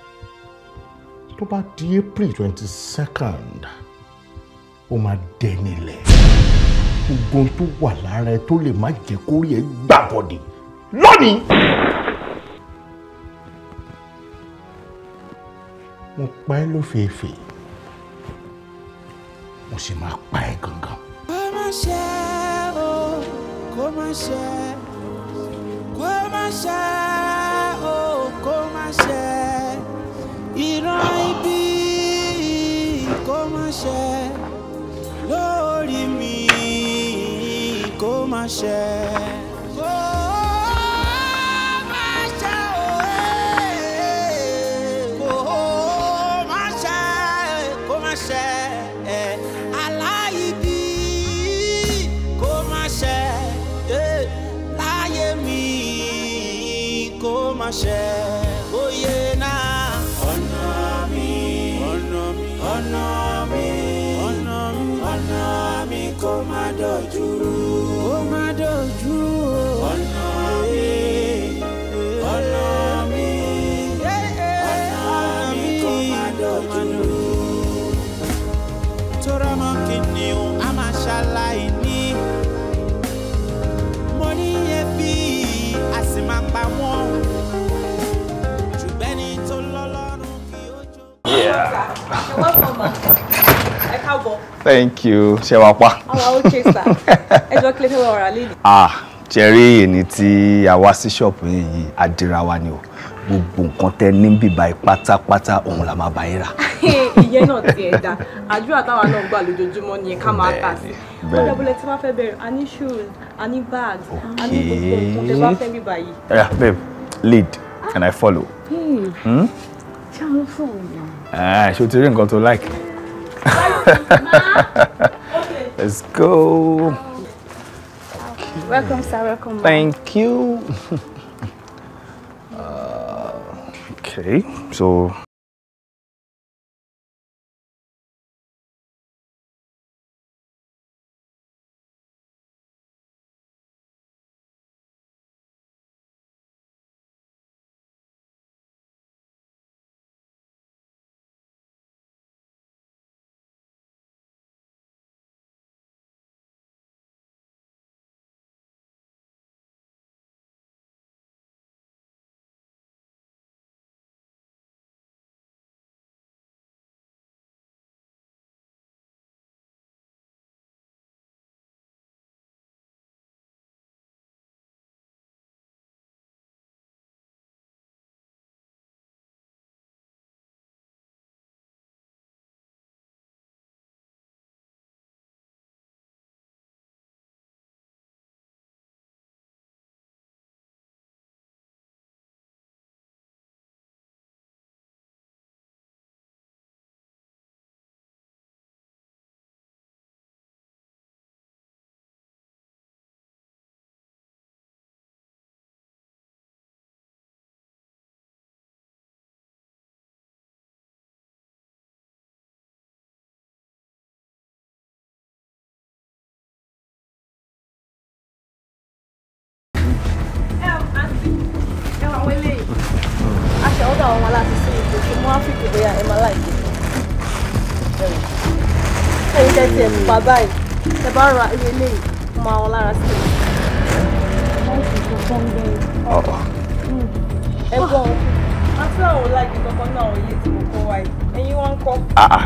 tó bá di April twenty second ó máa dẹni gbogbo tó wà lára ẹ tó lè má jẹ́ kórìí ẹ gbàbọ̀dé lónìí. mo pa ẹ́ lófèèfèé mo sì máa pa ẹ́ gangan. kó má ṣe o kó má ṣe kó má ṣe o kó má ṣe ìran ibi kó má ṣe. share. thank you ṣe wá pa. àwa ó ṣe sá ẹjọ́ kílẹ̀ fẹ́ wá ah jẹ́rí ẹni tí a wá sí ṣọ́ọ̀bù yìí àdìrà wa ni o gbogbo nǹkan tẹ ní bíbá ẹ pátápátá òun la máa bá yín rà. ìyẹn náà ti ẹ̀ dá àdúrà táwa náà gbà lójoojúmọ́ ni ká máa tà sí. bọ́lá tí wọ́n fẹ́ bẹ̀rẹ̀ a ní shoes a ní bags a ní gbogbo nǹkan tẹ bá fẹ́ bíbá yìí. babe lead and I follow. Hmm. Hmm? ṣé àwọn fóònù. ṣé o ti rí nǹkan tó like. Let's go. Okay. Welcome, sir. Welcome. Ma. Thank you. uh, okay, so wọn láti sí ipò kí mú áfíríkì bóyá ẹ máa láìpẹ́ ẹ̀yìn tẹ́tí ẹ̀ pa báyìí ẹ bá ra iye eléyìí mo máa wọn lára sí i. ẹ̀gbọ́n afẹ́ àwọn láìpẹ́ kankan náà ò yé tí mo kọ́ wáyé ẹ̀yin wọn ń kọ́. Ah, ah.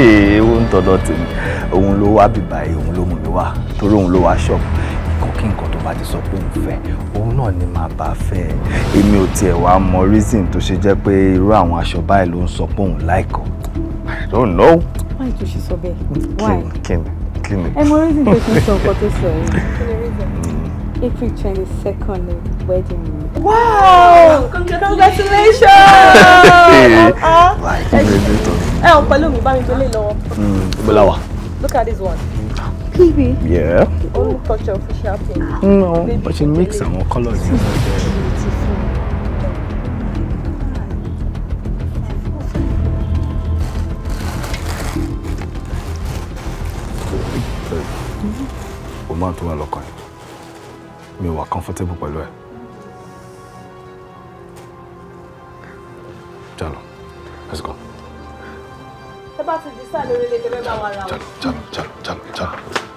ewu ń tọ́dọ̀ tèmi òun ló wá bìbà yìí òun ló mú mi wá torí òun ló wá ṣọ́ọ̀bù nǹkan kí nǹkan tó bá ti sọ pé òun fẹ́ òun náà ni màá bá fẹ́ èmi ò tiẹ̀ wá mọ reason tó ṣe jẹ́ pé irú àwọn aṣọ báyìí ló ń sọ pé òun láìkọ́ I don't know. why tó ṣe sọ bẹ́ẹ̀. Why? ni kí ni. ẹ mọ reason tó fi sọ nǹkan tó sọ yìí mm. April twenty second wedding. wow congratulations. ẹ ò pẹ̀lú mi bá mi tó lè lọ́wọ́. ìbúlá mm, wa. look at this one. Kiwi? Yeah. You only touch your official pink. No, Maybe but she makes some more colors. o máa tó wà lọ́kàn yìí mi ò wà comfortable pẹ̀lú ẹ̀ jalo let's go. tẹ́ bá ti di sáà lórí ilé tẹ́ bẹ́ẹ̀ bá wa ra o. jalo jalo jalo jalo.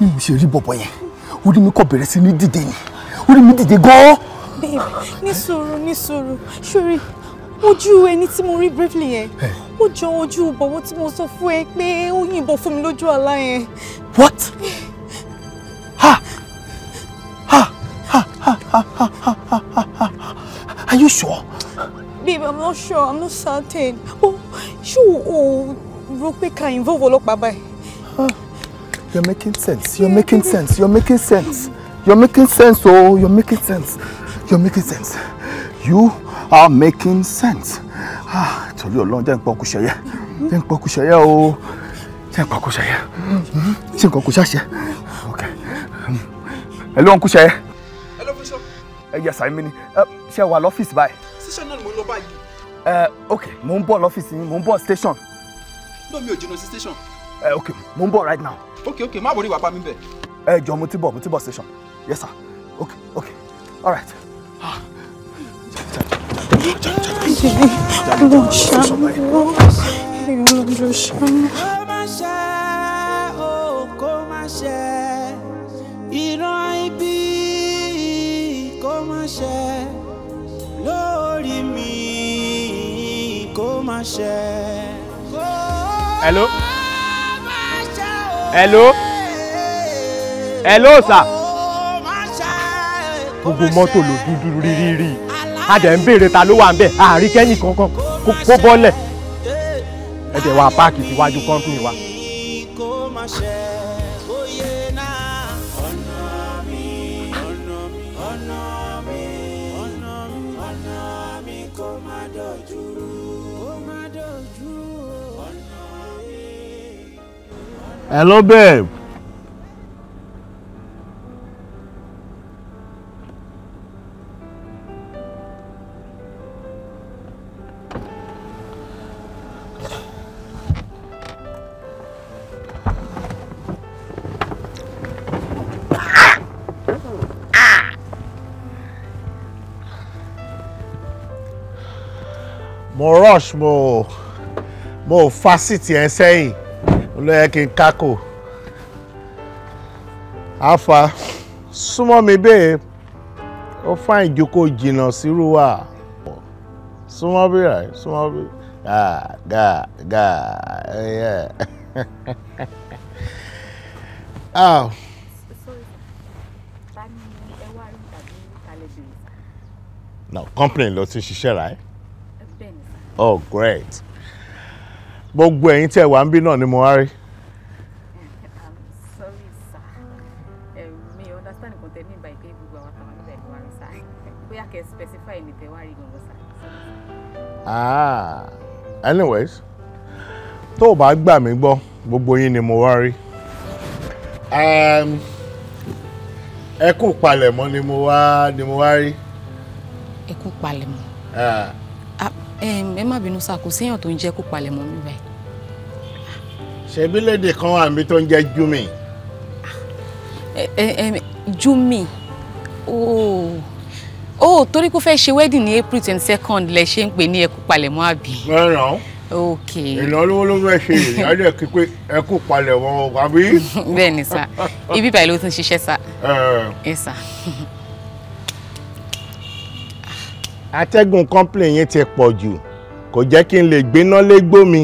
bí mo ṣe rí bọ̀bọ̀ yẹn orí mi kò bẹ̀rẹ̀ sí ní dìde ni orí mi dìde gan-an. babe ní sùúrù ní sùúrù sórí ojú ẹni tí mo rí briefly yẹn ó jọ ojú bọ̀bọ̀ tí mo sọ fún ẹ pé ó yìnbọn fún mi lójú àlá yẹn. what ha ha ha ha ha ha ha ha are you sure. babe i'm not sure i'm not certain oh ṣé o rò pé ká involve ọlọ́pàá báyìí. You're making sense. You're making sense. You're making sense. You're making sense. Oh, you're making sense. You're making sense. You are making sense. Ah, torí Ọlọ́run jẹ́ nǹkan kò ṣẹ̀yẹ. Jẹ́ nǹkan kò ṣẹ̀yẹ o. Oh. Jẹ́ nǹkan kò ṣẹ̀yẹ. Ṣé nǹkan kò ṣàṣẹ? Hello, Ẹ ló ń kú ṣẹ̀yẹ. Ẹ ló fi sọ. Ẹ yẹ sàmì mi ni. Ṣé wà lọ́fíìsì báyìí? mo ń lọ báyìí. Ok, mo ń bọ̀ lọ́fíìsì yín, mo ń bọ̀ station. No, mi ò jìnnà sí station ẹ eh, ok mo ń bọ̀ right now. ok ok má wọrí wàá pa mí bẹ̀. ẹ eh, jọ mo ti bọ̀ mo ti bọ̀ station yes sir ok ok all right. Ìdílé ló ṣàmúlò ìrìn ṣàmúlò. Kó má ṣe o, kó má ṣe ìran ibi kó má ṣe lórí mi kó má ṣe. Hello hello hello sir. gbogbo mọ́tò ló dúdú rírírí a dẹ̀ ń béèrè ta ló wà ń bẹ̀ àárí kẹ́yìn kankan kó bọ́lẹ̀ ẹ dẹ̀ páàkì síwájú kọ́ńtì wa. Hello, babe. mo rush mo mo fa sí tiẹ̀ sẹ́yìn olóyè kí n kákò àfà súnmọ́ mi bẹ́ẹ̀ ó fáìn ìjókòó jìnnà sírú wa súnmọ́ bí rà súnmọ́ bí gà gà gà ẹyẹ. now company ló ti ṣiṣẹ́ rà oh great gbogbo ẹ̀yin tẹ́ wà ń bí náà ni mo wá rí. Eh, ah, anyways tó o bá gbà mí gbọ́ gbogbo yín ni mo wá rí ẹkún palẹ̀mọ́ ni mo wá ni mo wá rí. ẹkún palẹ̀mọ́. Ah, ẹ má bínú sá kò séèyàn tó ń jẹ́ kó palẹ̀ mọ́ mi báyìí. ṣebí lédè kan wà mí tó ń jẹ́ júmi. júmi ooo ooo torí kó fẹ́ ṣe wedding ní april twenty second lẹ ṣe ń pè ní ẹkú palẹ̀ mọ́ àbí. mẹ́ràn ok ìnáwó ló fẹ́ ṣe ìyájọ́ kí ẹkú palẹ̀ mọ́ àbí. bẹ́ẹ̀ sá ibi báyìí ló ti ń ṣiṣẹ́ sá. ẹ ẹ sá atẹ́gùn complain yẹn ti pọ̀ jù kò jẹ́ kí n lè gbéná légbó mi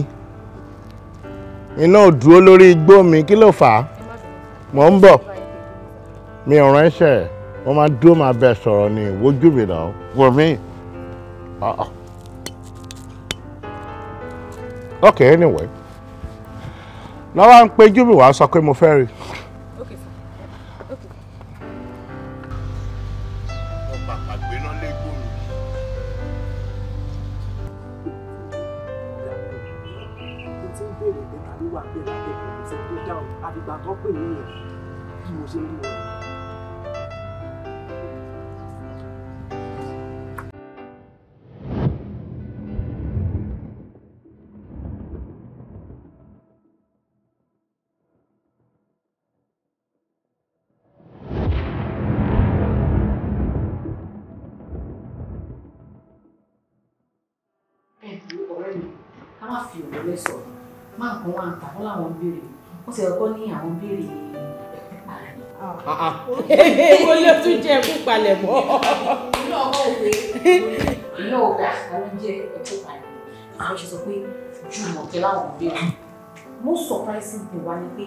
iná ò dúró lórí igbó mi kí ló fà á mò ń bọ̀ mi ò ránṣẹ́ wọ́n máa dúró máa bẹ sọ̀rọ̀ ní ìwójú mi náà wò mí. okay anyway lọ́wọ́ à ń pe júbì wá sọ pé mo fẹ́ rí i. àwọn béèrè wọ́n ti kọ́kọ́ ní àwọn béèrè èwo ló tún jẹ ẹkú palẹ̀ mọ́. iná ọkọ òwe iná ọgá àwọn jẹ ẹkú palẹ̀ àwọn ṣe sọ pé ju mọ̀kẹ́ láwọn béèrè most surprising thing wá ni pé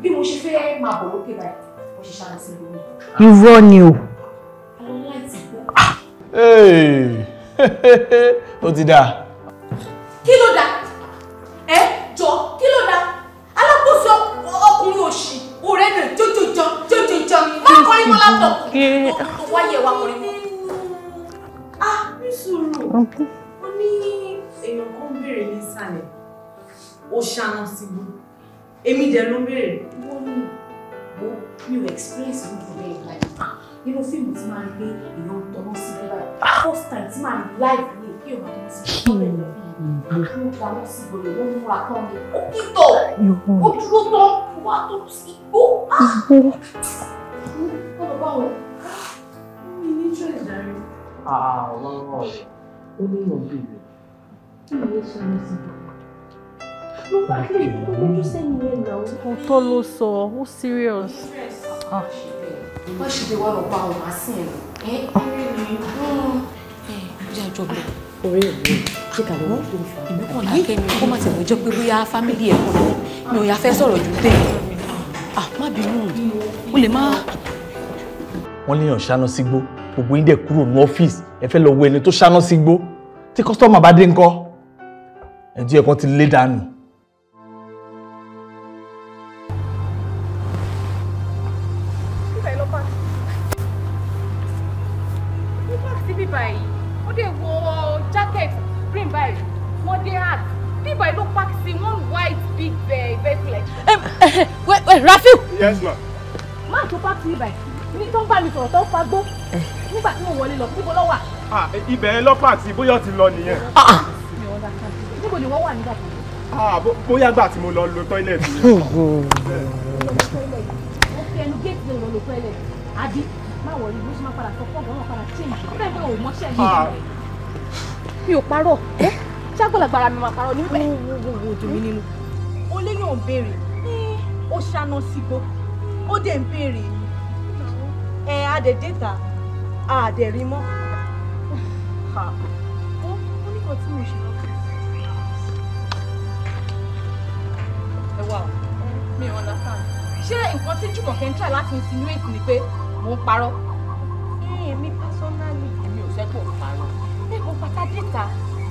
bí mo ṣe fẹ́ máa bọ̀ lókè báyìí mo ṣe ṣáà sí lórí. irọ́ ni o. àwọn ti dáa. kí ló dáa ẹ jọ mọ́ láptọ̀pù tó wáyé wa kò rí mọ́. ah ní sùúrù ó ní èèyàn kan béèrè ní ìsàlẹ̀ ó ṣáná sí gbó èmi dẹ̀ ló béèrè wọ́n ní ó mi ò experience mi kò lè láì nínú fíìmù tí máa ń gbé èèyàn tọ́nà sí gbé báyìí ah. first time tí máa ń láì ní kí èèyàn máa tọ́nà sí gbé báyìí àwọn ìdáná sí gbòòrò ló ń múra tán ni ó kí tọ̀ ó dúró tán wá tó sí igbó. Ah báwo mi ní choice jàre. àwọn ọ̀rẹ́ ó ní ìwọ̀n bèrè. kí ni yẹn ṣẹlẹ̀ sí i? ló bá lè lójú sẹ́yìn yẹn náà. serious. Ah, wọ́n ṣì lè wá lọ pa ọ̀hún àsìn ẹ̀ ẹ̀ ẹ̀ jọ bẹ̀. ọ̀rẹ́ mi ṣé ká lọ wọ́n ìlú kan dákẹ́ ni kó má tẹ̀wé jẹ́ pé bóyá fámìlì ẹ̀ kọ́ ni mi ò yà fẹ́ sọ̀rọ̀ ju wọ́n léèyàn ṣáná sígbó gbogbo yín dẹ̀ kúrò ní ọ́fíìsì ẹ fẹ́ lọ wo ẹni tó ṣáná sígbó tí kọ́sítọ́mà bá dé ńkọ́ ẹ̀jẹ̀ kan ti lé dànù. Eh, eh, Rafiu! Yes, ma'am. Ma, tó bá ti ibà ní tó ń bá mi sọ̀rọ̀ tó ń fagbó eh. nígbà tí mo wọlé lọ níbo lọ wà. ibẹ̀ ẹ lọ́pàá àti bóyá ti lọ nìyẹn. Ah, ah. níbo ni wọ́n wà nígbà tó. bóyá gbà tí mo lọ lo tọ́ílẹ̀tì. mo fi ẹnu géètì lọ lo tọ́ílẹ̀tì àbí má wọlé bó ṣe máa padà sọ fọ́ọ̀gù ọ̀rọ̀ padà change bẹ́ẹ̀ bẹ́ẹ̀ ò mọ́ṣẹ́ mi. mi ò parọ́ eh? ṣàgbọ́lagbára mi máa parọ́ níbẹ̀. wo ojú nínú. olóyún ò béèrè eh, ó ṣáná sígbó ó dẹ̀ ń béèrè mi ẹ àdèdè ta àdèrí mọ́. ó ní kò tí mo ṣe lọ. ẹ wá o mi ò understand ṣé nǹkan tí Jùmọ̀kẹ́ ń try láti insinuate ni pé mò ń parọ́. èmi personally èmi ò sẹ́kọ̀ọ́ parọ́. ẹ kò pátá dẹ́ta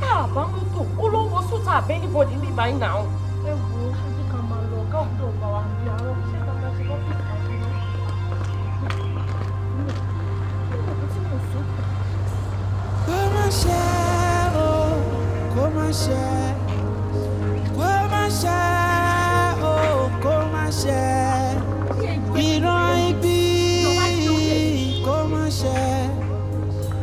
tá a bá mọ́tò ó lọ́wọ́ sùn tá a bẹ́ẹ̀ níbọ̀dì níbàyìí náà. ẹ wo ṣé ká máa lọ ọ̀gá òkúta ọ̀gá wa ní. ṣe o kó má ṣe kó má ṣe o kó má ṣe ìran ibi kó má ṣe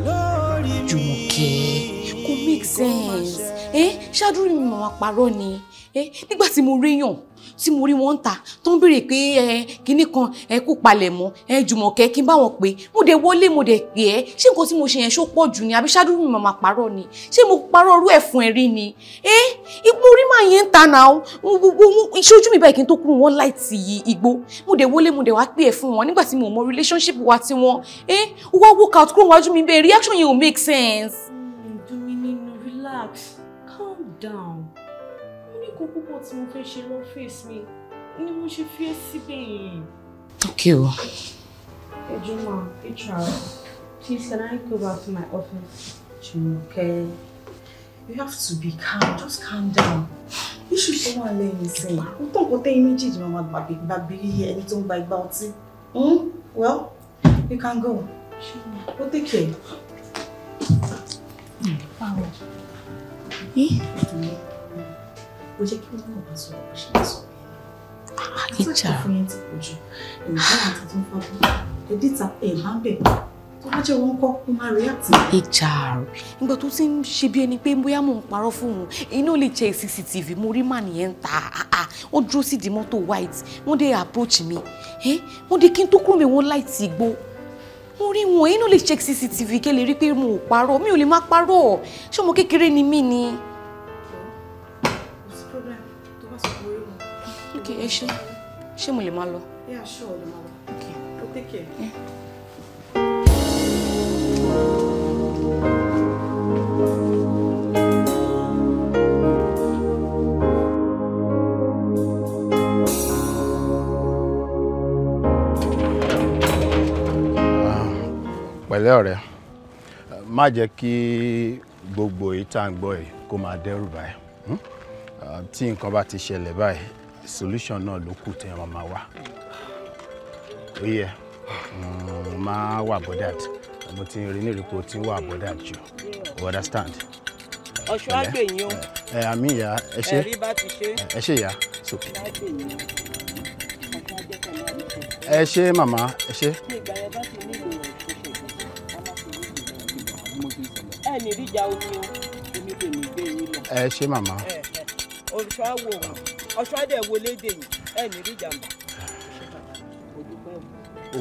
lórí mi. Jùmọ̀kẹ́ kò make sense eh, ṣáàdúró mi màmá parọ́ ni eh, nígbà tí mo réyàn tí mo rí wọn ń ta tó ń béèrè pé ẹ kinní kan ẹ kú palẹ̀ mọ́ ẹ jùmọ̀kẹ́ kí n bá wọn pé mo dé wọlé mo dé pè ẹ́ ṣé nǹkan tí mo ṣe yẹn ṣó pọ̀ jù ni àbí ṣáájú mi màmá parọ́ ni ṣé mo parọ́ ọrú ẹ̀ fún ẹ rí ni ẹ ipò orí màá yẹn ń ta nà ó ìṣojú mi báyìí kí n tó kúrò wọn láìtì igbó mo dé wọlé mo dé wá pè ẹ́ fún wọn nígbà tí mo mọ relationship wa ti wọn ẹ wá walk out kúrò wájú mi bẹ́ẹ̀ reaction yẹn ò make sense. Hmm, dumi nínú relax calm down nǹkan púpọ̀ tí mo fẹ́ ṣe mi ni mo ṣe fi é síbẹ̀ yẹn. ok o. ẹ jọ̀ọ́ Charles. please can I go back to my office? Jumoke, you have to be calm just calm down. You should go iṣu tó wà lẹ́yìn sẹ́yìn ó tàn kó tẹ́yìn méjèèjì máa ma gbàgbé ẹni tó ń gba ìgbà Hmm? well you can go. ó take care. Hmm, báwo ó jẹ́ kí wọ́n náà máa sọ̀rọ̀ bó ṣe ah, máa sọ̀rọ̀ yẹn. ìjà fún yẹn ti pọ̀ jù ìjà àti tó ń fa bú ẹbí ta ẹ̀ máa ń bẹ̀ tó bá jẹ́ wọn kọ́ kó máa react. ìjà àrùn nígbà tó ti ń ṣe bí ẹni pé bóyá mò ń parọ́ fún òun iná lè jẹ́ cctv mo rí màní yẹn ń ta àà ah, ah, dúró sí di mọ́tò white wọ́n dé approach mi wọ́n dé kí n tó kúrò mi wọ́n light igbó mo rí wọn inú lè check cctv kí ẹ lè rí pé mo ò parọ́ mi ò lè má parọ́ ṣọmọ kékeré ni mí ni. ẹ ṣé ṣé mo lè máa lọ. yeah sure lè máa lọ. okay. go take care. Yeah. pẹ̀lẹ́ ọ̀rẹ́ má jẹ́ kí gbogbo ìta ń gbọ́ yìí kó máa dẹ́rù báyìí hmm? tí nǹkan bá ti ṣẹlẹ̀ báyìí solution náà ló kù tí wọ́n máa wá ó yẹ máa wà bọ́dàd mo ti rí ní ìrìpò tí wà bọ́dàd jù you understand. ọ̀ṣọ́ àgbèyìn o. ẹ àmì ìyá ẹ ṣe ẹ̀rí bá ti ṣe ẹ ṣe ìyá sókè. ẹ ṣe màmá ẹ ṣe. ẹ ní ìdíjà omi o èmi ṣe màmá. olùṣọ́ àwòrán ọ̀ṣọ́ dẹ̀ wọlé dè ẹ̀ ní rí ìjàmbá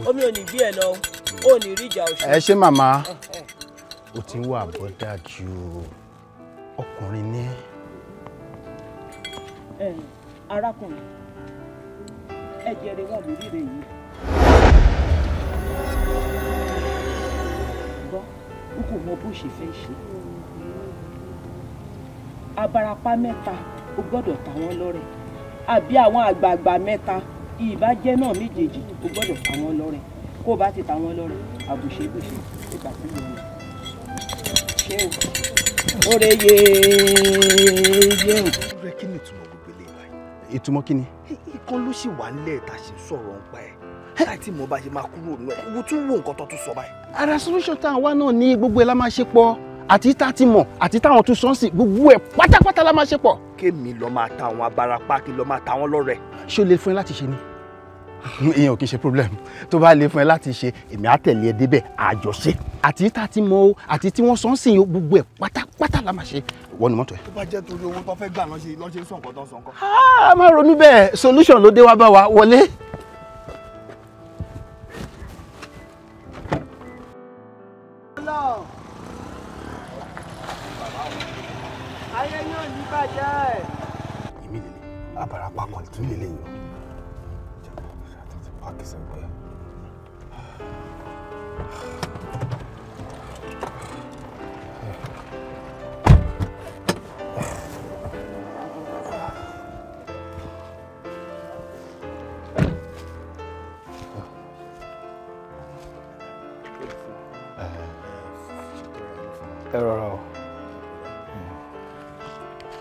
omi ò ní gbé ẹ lọ ò ní rí ìjà ọ̀ṣọ́. ẹ ṣe màmá o ti wà bọ́dà ju ọkùnrin ní. arákùnrin ẹ jẹrẹ wà lórí rẹ yìí. gbọ́ n kò mọ bó ṣe fẹ́ ṣe. abarapá mẹ́ta o gbọ́dọ̀ ta wọ́n lọ́rẹ àbí àwọn àgbààgbà mẹ́ta ìbàjẹ́ náà méjèèjì o gbọ́dọ̀ ta wọn lọ́rẹ kó bá ti ta wọn lọ́rẹ àbùṣebùṣe ìgbà tí mo lọ. ṣé o oore yé yéun. rẹ kí ni ìtumọ̀ gbogbo eléyìí báyìí. ìtumọ̀ kí ni. ikán ló ṣì wà nílẹ̀ tá a ṣe sọ̀rọ̀ ń pa ẹ̀ láti mọ̀ bá ṣe máa kúrò nù ẹ̀ wo tún wo nǹkan tó tún sọ báyìí. ara solution tá a wá náà ní gbogbo ẹ̀ la máa ṣe pọ̀ àti tá a ti mọ̀ àti táwọn tún sọ́ọ̀sì gbogbo ẹ̀ pátápátá la máa ṣe pọ̀. kémi lọ máa ta àwọn abarapá kí lọ máa ta wọn lọ́rẹ. ṣé o lè fún ẹ láti ṣe ni. ìyẹn ò kì í ṣe problem tó bá lè fún ẹ láti ṣe èmi á tẹ̀lé ẹ débẹ̀ àjọṣe. àti tá a ti mọ̀ o àti tí wọ́n sọ́ọ̀sì yìí gbogbo ẹ̀ pátápátá la máa ṣe wọ́n ní mọ́tò ẹ̀. tó bá jẹ́ torí owó tó fẹ́ gbà lọ́ṣẹ́ lọ́ṣẹ́ sọ̀kan tó sọ̀kan. a máa ronú solution ló dé wá bá wa wọlé. ayé yóò ní bàjẹ́. èmi nìyí àbàràpá kan tún lè léyìn o àti páàkì sẹ́gbẹ́. Error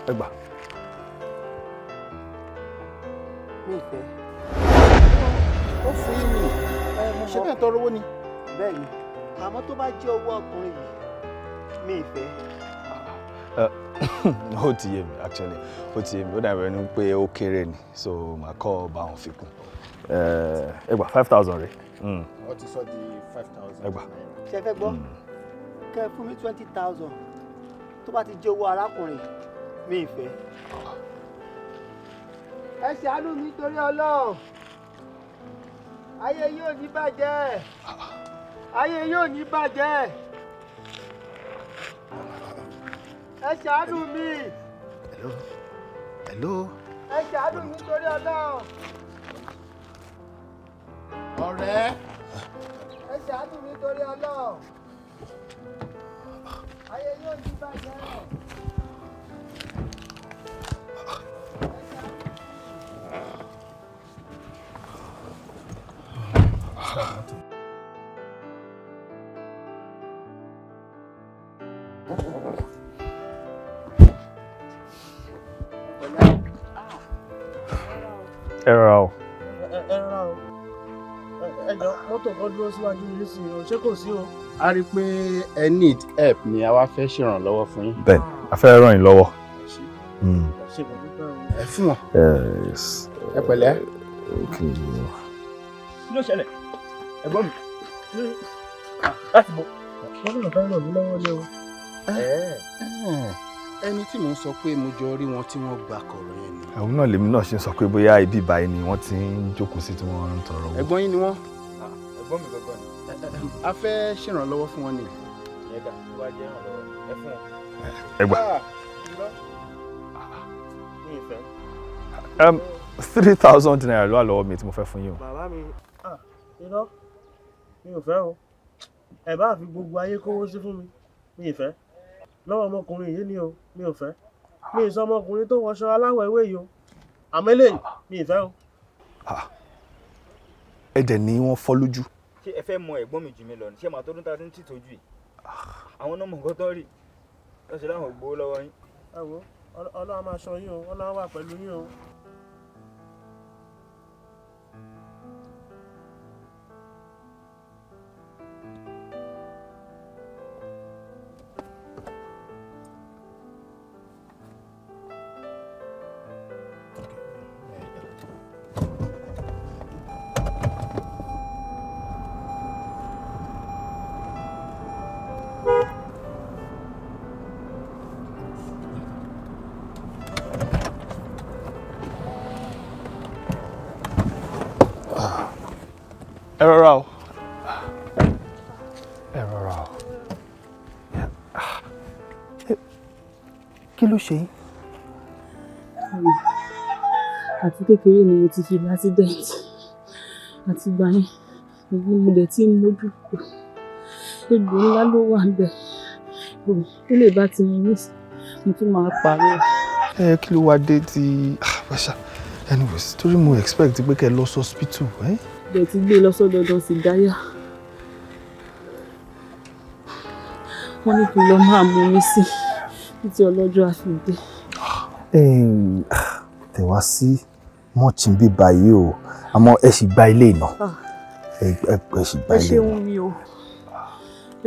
ẹ gbà. mi ìfẹ́ ó fún yín mi ṣé bẹ́ẹ̀ tọrọ owó ni. bẹ́ẹ̀ ni àmọ́ tó bá jẹ́ owó ọkùnrin yìí mi ìfẹ́. ó ti yé mi actually ó ti yé mi ó dàbí ẹni pé ó kéré ni so màá kọ́ bá wọn fi kún ẹ gbà five thousand rẹ. Hmm. ọ ti sọ di five thousand. ẹ gbà. ṣe fẹ́ gbọ́ hmm. kẹ́ fún mi twenty thousand tó bá ti jẹ́ owó arákùnrin mi ìfẹ́. ẹ ṣàánú mi torí ọlọ́run ayé yóò ní bàjẹ́ ayé yóò ní bàjẹ́ ẹ ṣàánú mi. hello hello. ẹ ṣàánú mi torí ọlọ́run. ọ̀rẹ́. ẹ ṣàánú mi torí ọlọ́run ayé yóò ní bàjẹ́ ẹ̀rọ o. ẹ̀rọ ẹ̀jọ̀ mọ́tò kan dúró síwájú yìí o ṣé kò sí o. a rí i pé ẹ need help ni a wá fẹ́ ṣèrànlọ́wọ́ fún yín. bẹ́ẹ̀ a fẹ́ ràn yín lọ́wọ́. ẹ ṣe ṣe mọ̀ nípa òun. ẹ fún wọn. ẹ pẹ̀lẹ́. kí ló ṣẹlẹ̀ ẹ̀gbọ́n mi láti bọ̀. wọ́n náà bá ràn lọ́wọ́ lé o. ẹni tí mò ń sọ pé mo jọ rí wọn tí wọ́n gba kọ̀rọ̀ yẹn ni. àwọn náà lèmi náà ṣe ń sọ pé bóyá ibi ìbáyé ni wọ́n ti ń jókòó sí tí wọ́n ń tọrọ ẹ̀gbọ́n yín ni wọ́n. ẹ̀gbọ́n mi gbọ́gbọ́n ni. a fẹ́ ṣèrànlọ́wọ́ fún wọn ni. ẹ̀dá wá ẹ fún mi ìfẹ́. Um, three thousand naira ló wà lọ́wọ́ mi tí mo fẹ́ fún yín o. bàbá mi ah, irọ́ mi ò fẹ́ o ẹ bá fi gbogbo ayé kówó sí fún mi mi ìfẹ́ lọ́wọ́ ọmọkùnrin yìí ni o mi ò fẹ́ mi ìsọ ọmọkùnrin tó wọṣọ aláwọ̀ ewé yìí o àmọ́ eléyìí mi ìfẹ́ o. Ah, ẹ dẹ̀ ni wọ́n fọ́ lójú. ṣé ẹ fẹ́ mọ ẹ̀gbọ́n mi jù mí lọ ni ṣé màá tó dún tá a ti ń tìtọ́jú yìí ah. àwọn ọmọ nǹkan tó ń rì ẹ ṣe láwọn gbowó lọ́wọ́ yín ọlọ́run á máa ṣọ́ yín o ọlọ́run á wà pẹ̀lú yín o. ló ṣe yín. àti kékeré ni mo ti fi lásìdẹ̀ǹtì àti gbà yẹn èyí mo lè tí ń mójú kù egbò ńlá ló wà ń bẹ ó lè bá ti mi ní mo tún máa pààrọ̀. ẹ kí ló wá dé ti àbàṣà ah, anyways torí mo expect pé kẹ́ lọ sọ́spítù. bẹ́ẹ̀ ti gbé e lọ sọ́dọọdún sí dáyà. wọ́n ní kí n lọ máa mú mi sí i títí ọlọ́jọ́ àfìdé. Ah, tẹ̀wá sí mọ́ọ̀tì ń bí báyìí o àmọ́ ẹ sì gba ilé ìná ah. ẹ sì gba ilé ìná. ẹ ṣeun mi o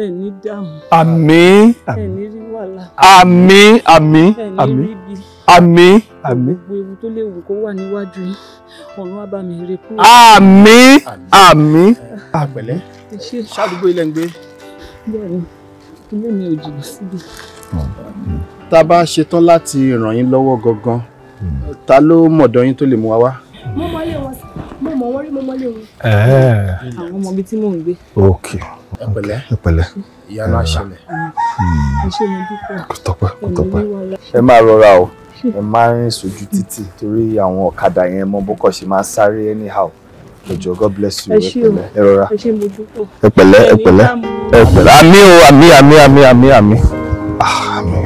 ẹ ní dààmú. àmín ẹ ní rí wàhálà. àmín àmín àmín àmín àmín. gbogbo ewu tó léwu kó wà níwájú yín ọ̀run á bá mi rè kúrò. àmín àmín. àpẹlẹ ṣàdúgbò ilẹ̀ ń gbé. bẹ́ẹ̀ ilé mi ò jìnnà síbi. Mm. tá a bá ṣetán láti ràn yín lọ́wọ́ gangan ta ló mọ̀dọ̀ yín tó lè mú wa wá. mo mọlé wọn mo mọ wọn rí mo mọlé wọn. Eh. àwọn ọmọ ibi tí mò ń gbé. ok ẹpẹ̀lẹ́ ẹpẹ̀lẹ́ ìyanu àṣẹlẹ. Hmm. kò tọ́pẹ́ kò tọ́pẹ́. ẹ máa rọra o ẹ máa rìn sójú títì torí àwọn ọ̀kadà yẹn mọ bó kọ̀ ṣe máa sáré anyhow ọjọ god bless you ẹpẹ̀lẹ́ ẹ rọra ẹpẹ̀lẹ́ ẹpẹ̀lẹ́ ẹpẹ̀lẹ́ àmì o àmì àmì àmì àmì àmì ṣòǹgbòrò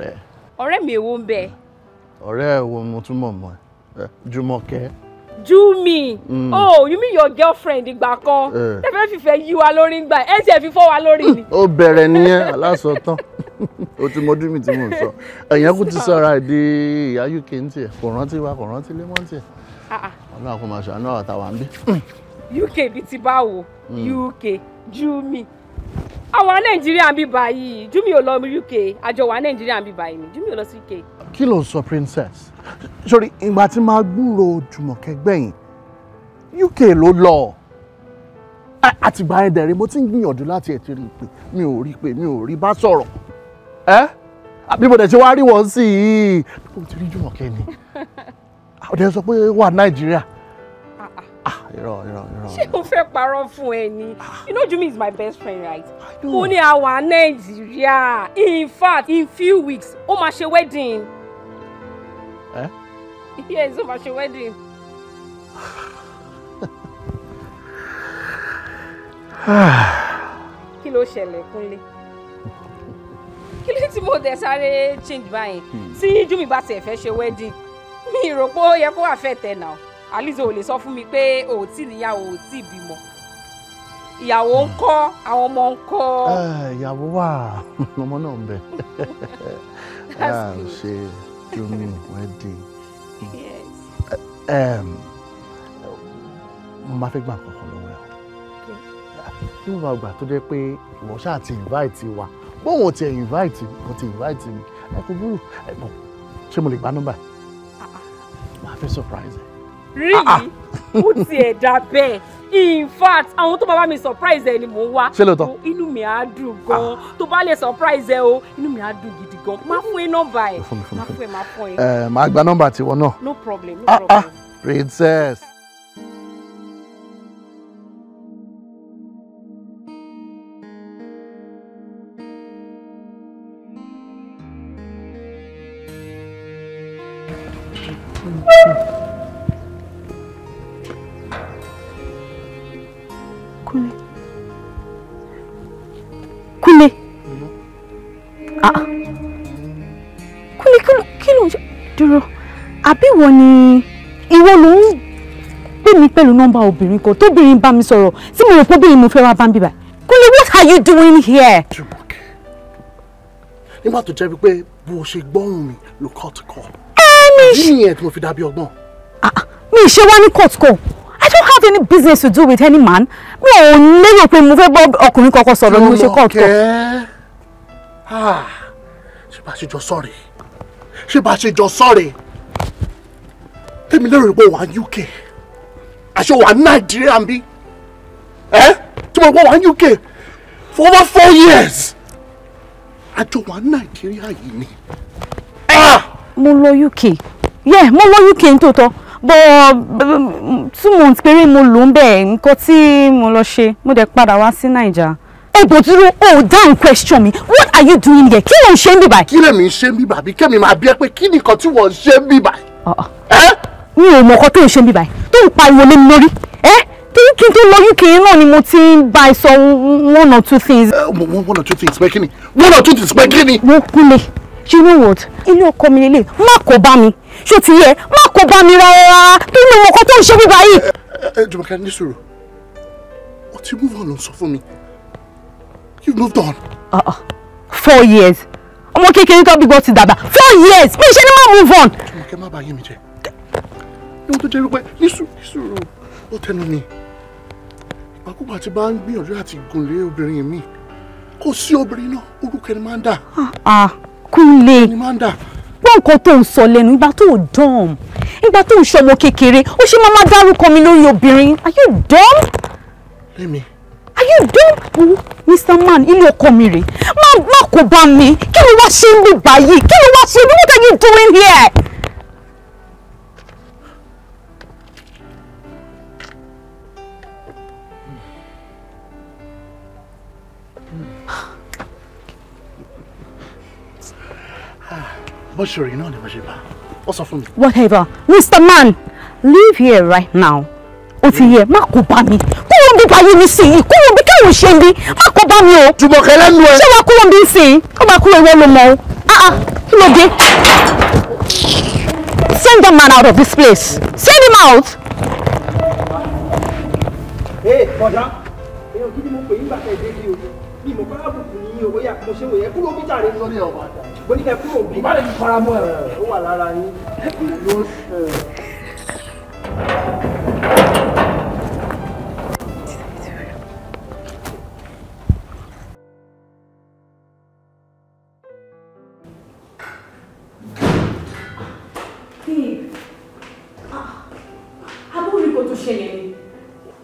rẹ. ọ̀rẹ́ mi èwo ń bẹ. ọ̀rẹ́ wo mo tún mọ̀ mọ́ ẹ do me mm. oh you mean your girlfriend ìgbà kan eh. ẹ fẹ́ fìfẹ́ yí wa lórí gbà ẹ tiẹ̀ fi fọ́ wa lórí ni. ó bẹ̀rẹ̀ nìyẹn aláṣọtán o ti mọ do me tí mò ń sọ ẹ̀yàn kò ti sọ̀rọ̀ àìdí ìyá uk ń tiẹ̀ kò rántí wa kò rántí lé mọ́ ń tiẹ̀ ah, ah. ọlọ́run kò máa ṣàánú àwọn àtàwọn àbí. uk bíi ti báwo mm. uk do me àwa nàìjíríà ń bí báyìí júmi ò lọ uk àjọ wa nàìjíríà ń bí báyìí júmi ò lọ sí uk kí ló ń sọ princess Sorry, ìgbà tí máa gbúrò jùmọ̀kẹ́ gbẹ̀yìn uk ló lọ àtìgbà yẹn dẹ̀rẹ̀ mo ti ń gbìyànjú láti ẹ̀ ti rí i pé mi ò rí i pé mi ò rí i bá sọ̀rọ̀ ẹ́ bí mo dẹ̀ ṣe wá rí wọn sí i mo ti rí jùmọ̀kẹ́ ni ọ̀dẹ̀ sọ pé wà nàìjíríà ah, ah. ṣé o fẹ́ parọ́ fún ẹ ni ah. you know Jumi is my best friend right. mo ní àwa nàìjíríà in fact in few weeks ó máa ṣe wedding. Yeah, it's over. She wedding. kí ló ṣẹlẹ̀ kúnlé kí ló ti mo dẹ̀ sáré change báyìí hmm. tí júmi bá tiẹ̀ fẹ́ ṣe wedding mi rò pé ó yẹ kó wà fẹ́ tẹ̀ náà alize ò lè sọ fún mi pé ò tí níyàwó ò tí bímọ ìyàwó ń kọ́ àwọn ọmọ ń kọ́. Eh, ìyàwó wà ọmọ náà ń bẹ ah, ṣe júmi wedding mo máa fẹ́ gbà kankan lọ́wọ́ ẹ̀ bí mo bá gbà tó jẹ́ pé ìwọ ṣáà ti invite wa bóun ò tiẹ̀ invite mo ti invite mi ẹ kò burú ẹ bọ̀ ṣé mo lè gba nọ́mbà ẹ̀ ah, ah. máa fẹ́ surprise ah, ẹ̀. really ó tiẹ̀ dà bẹ́ẹ̀ in fact àwọn tó bá bá mi surprise ẹ ni mò ń wá. ṣé lóòótọ́ inú mi á dùn ah. gan tó bá lè surprise ẹ o inú mi á dùn gidi gan máa fún ẹ nọ́mbà ẹ máa fún ẹ máa fún ẹ. Eh, màá gba nọ́mbà tiwọn náà. no problem no problem. ah ah princess. báwo ni ìwọ ló ń pè mí pẹ̀lú nọ́mbà obìnrin kan tóbìnrin bá mi sọ̀rọ̀ tí mo rò pé obìnrin mo fẹ́ wá bá mi bíbá Kúnlé what are you doing here. Jùmọ̀kẹ́ nígbà tó jẹ́ wípé bó o ṣe gbọ́hùn mi ló kọ́ọ̀tù kọ́ ẹ̀mí ìyẹn tí mo fi dábí ọgbọ́n. Ah, ah, mi ì ṣe wá ní kọ́ọ̀tù kọ́ I don't have any business to do with any man mi ò lérò pé mo fẹ́ bọ́ ọkùnrin kọ́kọ́ sọ̀rọ̀ ni mo ṣe kọ́ọ̀tù kọ́. ṣé bá a ṣe jọ sọ̀rẹ́ ṣé bá ṣe jọ sọ̀rẹ́ tèmi lérò pé wà á UK àṣọ wà á Nàìjíríà bí ẹ tí mo gbọ́ wà á UK for over four years àjọ wà á Nàìjíríà yìí ni. mo lọ UK yeah mo lọ UK ní tòótọ́ two months péré mo lò ń bẹ̀ nǹkan tí mo lọ ṣe mo dẹ̀ padà wá sí Naija. ẹ bò dúró o dáhùn question mi what are you doing here kí ló ń ṣe ń bíbà. kí lèmi ń ṣe ń bíbà bí kẹ́mi máa bí ẹ pé kí nìkan tí wọ́n ń ṣe ń bíbà. Ah, ah. ẹ mi ò mọ̀ ọkọ tó ń ṣe mi báyìí tó ń pariwo lé mi lórí ẹ tí kí n tó lọ uk náà ni mo ti ń bá ẹ sọ one or two things. Eh, one or two things pé kí ni one or two things pé kí ni. mo kúnlẹ̀ you know what ilé ọkọ mi lélẹ̀ má kó bá mi ṣó ti yẹ má kó bá mi rárá tó ní ọmọ ọkọ tó ń ṣe mi báyìí. ẹ eh, ẹ eh, jùmọ̀ká ní sùúrù o ti move on lọ sọ fún mi you moved on. Ah, -uh. four years ọmọ kékeré tó bí gbọ́ ti dàgbà four years mi ṣe ni má move on. jùmọ̀ká má bàa yé mi jẹ́ ohun tó jẹ́ wípé nísùúrù ó tẹnu ni ìgbàkúgbà tí bá ń gbìyànjú àti gùnlé obìnrin mi kò sí obìnrin náà orúkọ ẹni máa ń dà. Ah, ah, Kúnlé gbọ́ nǹkan tó ń sọ lẹ́nu ìgbà tó dán ìgbà tó ń ṣọmọ kékeré ó ṣe máa máa dárúkọ mi lórí obìnrin are you dumb. lẹ́mi. are you dumb wo Mr. Man ilé ọkọ mi rè má má kó bá mi kí ni wàá ṣe ń gbé báyìí kí ni wàá ṣe what are you doing here. Bọ́sùrù iná ni mo ṣe bá. Ó sọ fún mi. Whatever, Mr. Man, leave here right now. O ti yẹ, má kó bá mi. Kúrò ń bí báyé mi sí i, kúrò ń bí o. Jùmọ̀kẹ́ lẹ́nu ẹ. Ṣé wàá kúrò ń bí sí i? Ó máa kúrò Ah ah, kí ló Send that man out of this place. Send him out. Ee, bọ̀dá, èèyàn gidi mo pè yín gbàtẹ́ ìdí yín o bóyá mo ṣe wò yẹ kúrò bíjà rẹ lórí ọ̀wà mo ní kúrò bí. ìbálẹ̀ ti fara ẹ̀ ó wà lára yín ṣe.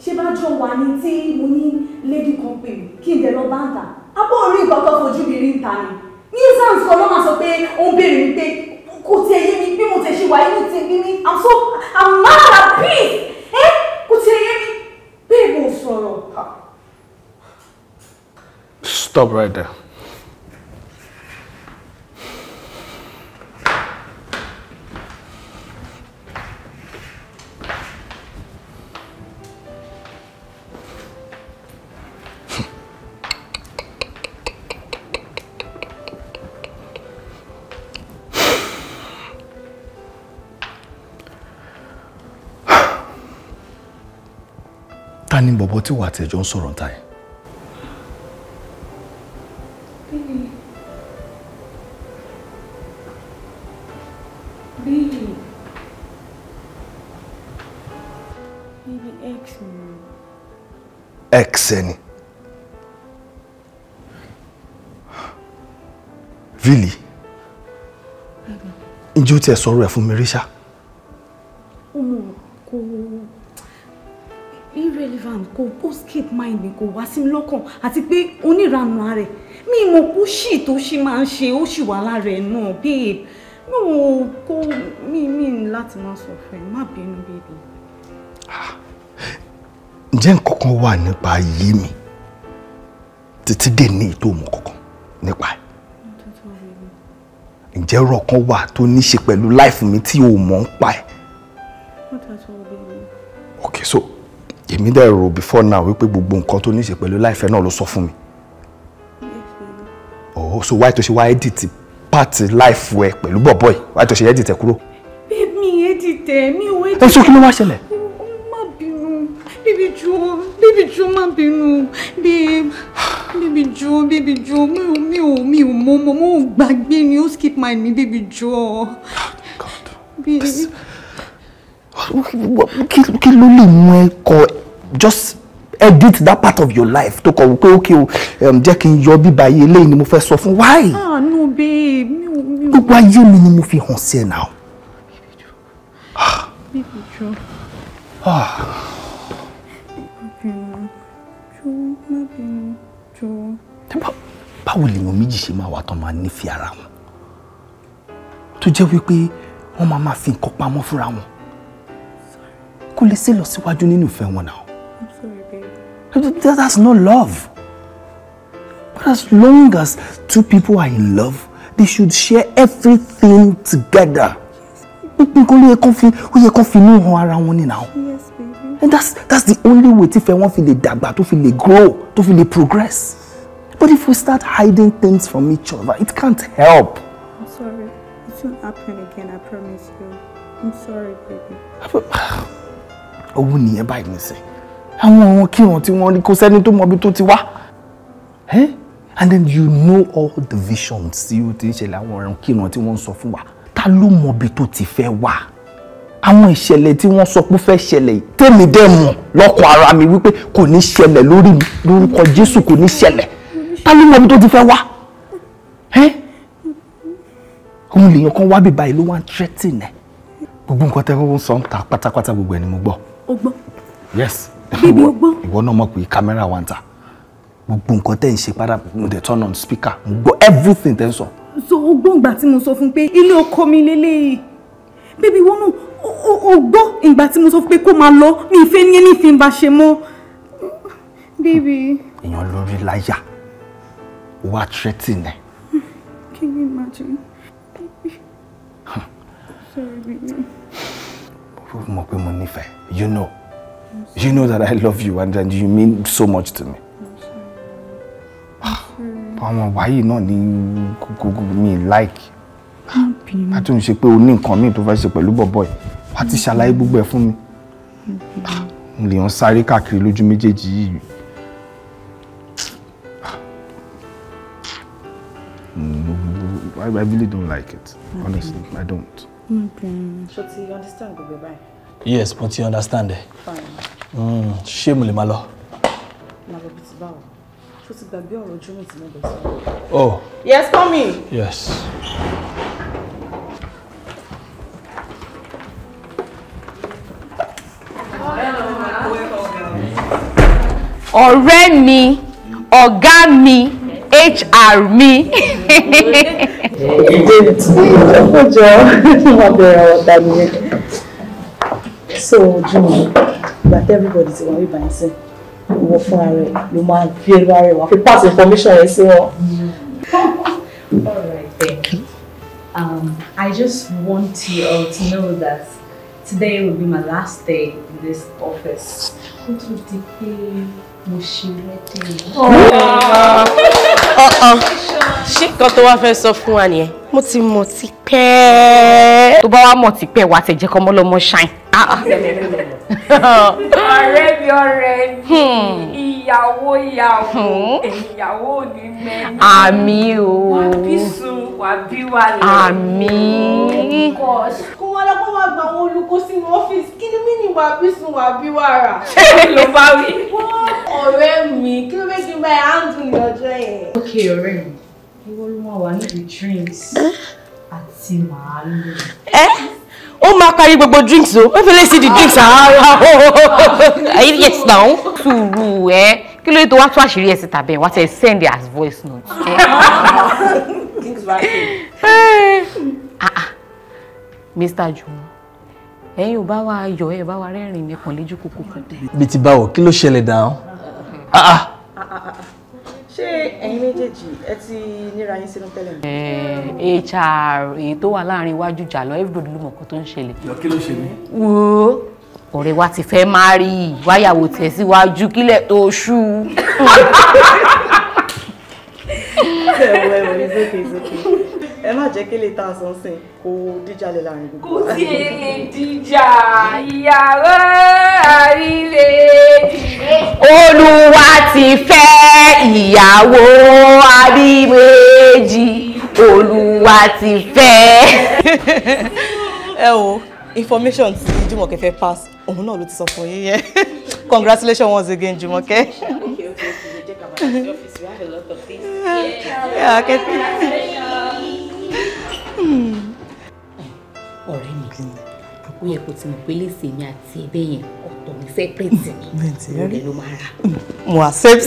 Ah, bá jọ wà ní tí mo ní lady company kí n dẹ̀ lọ bá ń tà abọ́ orí nǹkan fojú mi rí ń ta ni ní exams kan ló máa sọ pé ó ń béèrè mi pé kò tiẹ̀ yé mi bí mo tẹ̀ ṣe wà yé mi tiẹ̀ mi i'm so i'm mad at peace ẹ kò tiẹ̀ yé mi bẹ́ẹ̀ mo sọ̀rọ̀. stop right there. ni bọ̀bọ̀ tí wà á tẹ̀jọ́ ń sọ̀rọ̀ ta yìí. x ẹni. Really? Ǹjẹ́ o tiẹ̀ sọ̀rọ̀ ẹ̀ fún mi rí ṣá? sí mi lọ́kàn àti pé onírànú rẹ̀ mi mọ̀ kó ṣì tó ṣì máa ń ṣe ó ṣì wà lára ẹ̀ náà babe mi ò kó mi mi láti máa sọ fún ẹ má bínú baby. Ah, ǹjẹ́ nǹkan kan wà nípa ayé mi títí dè ní ìtò mọ̀ kankan nípa ẹ̀ ǹjẹ́ ọ̀rọ̀ kan wà tó ní ṣe pẹ̀lú láìfù mi tí o mọ̀ ń pa ẹ̀ èmi dẹ̀ rò before now wípé gbogbo nǹkan tó ní í ṣe pẹ̀lú láìfẹ́ náà ló sọ fún mi oh so why tó ṣe wá edit part life ẹ pẹ̀lú bọ̀bọ̀ yìí why tó ṣe edit ẹ kúrò. bẹ́ẹ̀ni edit ẹ mi ò edit. ẹ sọ kí ló wá ṣẹlẹ̀. má bínú bíbí ju bíbí ju má bínú bíbí ju bíbí ju mi ò mi ò mi ò mọ mo mo gbàgbé ni ó skip mind mi bíbí ju ọ. God God kí ló lè mú ẹ kọ just edit that part of your life tó kọ̀ wípé okay o um, jẹ́ kí n yọ bíbá yìí eléyìí ni mo fẹ́ sọ fún why. àánú ah, bẹ́ẹ̀ mi ò mi ò. gbogbo ayé mi ni mo fi hàn sí ẹ náà. bíbí jọ. bíbí jọ má ah. bínú jọ. báwo lèèyàn méjì ṣe máa wà tán máa nífẹ̀ẹ́ ara wọn tó jẹ́ wípé wọ́n máa máa fi nǹkan pamọ́ fúnra wọn kó lè ṣe lọ síwájú nínú ìfẹ́ wọn náà. That's not love. But as long as two people are in love, they should share everything together. Yes, baby. And that's, that's the only way to fẹ́ one fi lè dàgbà, tó feel they grow, tó feel they progress. But if we start hiding things from each other, it can't help. I'm sorry. It won't happen again, I promise you. I'm sorry, baby. Owó nìyẹn báyìí say. àwọn ọ̀run kírun tí wọ́n rí kò sẹ́ni tó mọ ibi tó ti wá and then you know all the visions tí ó ti ń ṣẹlẹ̀ àwọn ọ̀run kírun tí wọ́n ń sọ fún wa ta ló mọ ibi tó ti fẹ́ wá àwọn ìṣẹ̀lẹ̀ tí wọ́n sọ pé fẹ́ ṣẹlẹ̀ tèmi dẹ̀ mọ̀ lọ́kàn ara mi wípé kò ní ṣẹlẹ̀ lórí mi lórúkọ Jésù kò ní ṣẹlẹ̀ ta ló mọ ibi tó ti fẹ́ wá òun lèèyàn kan wá bíbá yìí ló wá ń threatening ẹ gbogbo nǹkan tẹ́ wọ́n sọ ń ta pátápátá gbogbo ẹ̀ ni mo gbọ́. o gbọ́. yes bíbí ogbó. ìwọ náà mọ̀ pé kámẹ́rà wa ń ta gbogbo nǹkan tẹ́ ń ṣe padà mo dẹ̀ turn on speaker mo gbọ́ everything tẹ́ ń sọ. so ogbóǹgbà tí mo sọ fún pé ilé ọkọ mi lélẹ́yìí bíbí ìwọ náà o gbọ́ ìgbà tí mo sọ fún pé kó máa lọ mi ìfẹ́ ní ẹni fi ń bá ṣe mọ́ bíbí. èèyàn lórí láyà wá tírẹ́tì nẹ. can you imagine bíbí. sorry bíbí. mo mọ̀ pé mo nífẹ̀ẹ́ you know you know that I love you and, and you mean so much to me. Àwọn hmm. wáyé you not gbogbo me like. I don't ṣe pé o ní nǹkan míì tó fẹ́ ṣe pẹ̀lú bọ̀bọ̀ yìí. Wá ti ṣàlàyé gbogbo ẹ̀ fún mi. Mo lè hàn sáré káàkiri lójú méjèèjì I, really don't like it. Honestly, I don't. Ṣé o you understand gbogbo yes but you understand Fine. ṣé mo my lord. lọ. Ṣé o ti gbàgbé ọ̀rọ̀ Júmọ̀ tí mo bẹ̀ sọ? Oh. Yes, come in. Yes. ọ̀rẹ́ mi ọ̀gá mi HR mi. ìdè tí ọjọ́ máa bẹ̀rẹ̀ ọ̀tá nìyẹn so jimmy ìgbà tí everybody ti wà ní ìbàyẹn sí wọ fún ara ẹ ló máa fi ẹnu ara ẹ wà fi pass information rẹ um, I just want you all to know that today will be my last day in this office. ó tún di pé mo ṣe wedding. Uh-uh. ṣé nǹkan tó wá fẹ́ sọ fún pẹ́ tó bá wá mọ̀ tí pẹ́ wà á tẹ̀jẹ́ kọ́mọ́ lọ́mọ ṣáìn. ọ̀rẹ́ mi ọ̀rẹ́ mi ìyàwó ìyàwó hmm. ìyàwó ní mẹ́rin. àmì o. wà á bí sun wà á bí wà lẹ́yìn. àmì. Oh, kó wọn lọ kó wọn gba àwọn olùkọ́ sínú ọ́fíìsì kí ni mí ni wà á bí sun wà á bí wà rà. ṣé kí ló bá wí. ọ̀rẹ́ mi kí ló fẹ́ kí n bá ẹ̀ á ní ọjọ́ yẹn. ókè ọ̀rẹ́ mi ìwọ ló máa wà níbi drinks àti màálù. ẹ ó máa parí gbogbo drinks o ó fi lè sí di drinks àárọ̀ ah, ah, ah, oh, oh, oh, yes now sùúrù ẹ kí ló dé tó wá tó àṣírí ẹ síta bẹ́ẹ̀ wá tẹ send as voice note. Mr. Jùmọ̀ ẹ̀yin ò bá wa yọ̀ ẹ̀ bá wa rẹ́rìn-ín nìkan lójú kúkú. bí ti báwọ̀ kí ló ṣẹlẹ̀ dáhùn ṣé ẹ̀yin méjèèjì ẹ ti níra yín sínú tẹ́lẹ̀ mi. hr èyí tó wà láàrin iwájú jà lọ everybody ló mọ̀ kó tó ń ṣẹlẹ̀. yọ kí ló ṣe mí. wo ọ̀rẹ́ wa ti fẹ́ máa rí i wáyàwó tẹ̀ síwájú kílẹ̀ tó ṣú. ẹ̀wọ̀ ẹ̀wọ̀ it's okay ẹ má jẹ́ kí lè ta àsán sìn kó díjà lè láàrin gbogbo. kò sí èlé díjà ìyàwó àrílé olúwa ti fẹ́ ìyàwó àríméjì olúwa ti fẹ́. ẹ o information tí Jùmọ̀kẹ́ fẹ́ pass òun náà ló ti sọ fún yín yẹn congratulations once again Jumoke. okay okay okay jẹ́ ọ̀rẹ́ mi ó yẹ kó ti mọ̀ pé lèsè mi àti ẹbẹ̀ yẹn ọ̀tọ̀ ní sẹ́pẹ̀tì mi ọ̀rẹ́ ló máa rà. mo accept.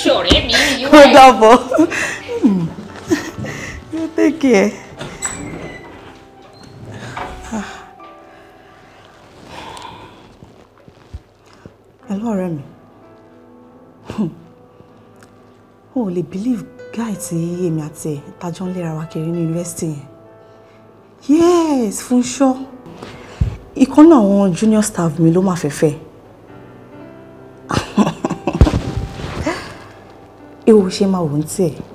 ṣọ̀rẹ́ mi yóò rẹ̀. ó dàbọ̀ yóò tẹ̀kì ẹ̀. pẹ̀lú ọ̀rẹ́ mi hmm. ah. hmm. o ò lè believe guy tí èmi àti ẹ̀ tajọ́ ń léra wa kiri ní yunifásitì yẹn yes Fúnṣọ́ ìkan náà àwọn junior staff mi ló máa fẹ́fẹ́ ewu ṣe máa wò ń tiẹ̀.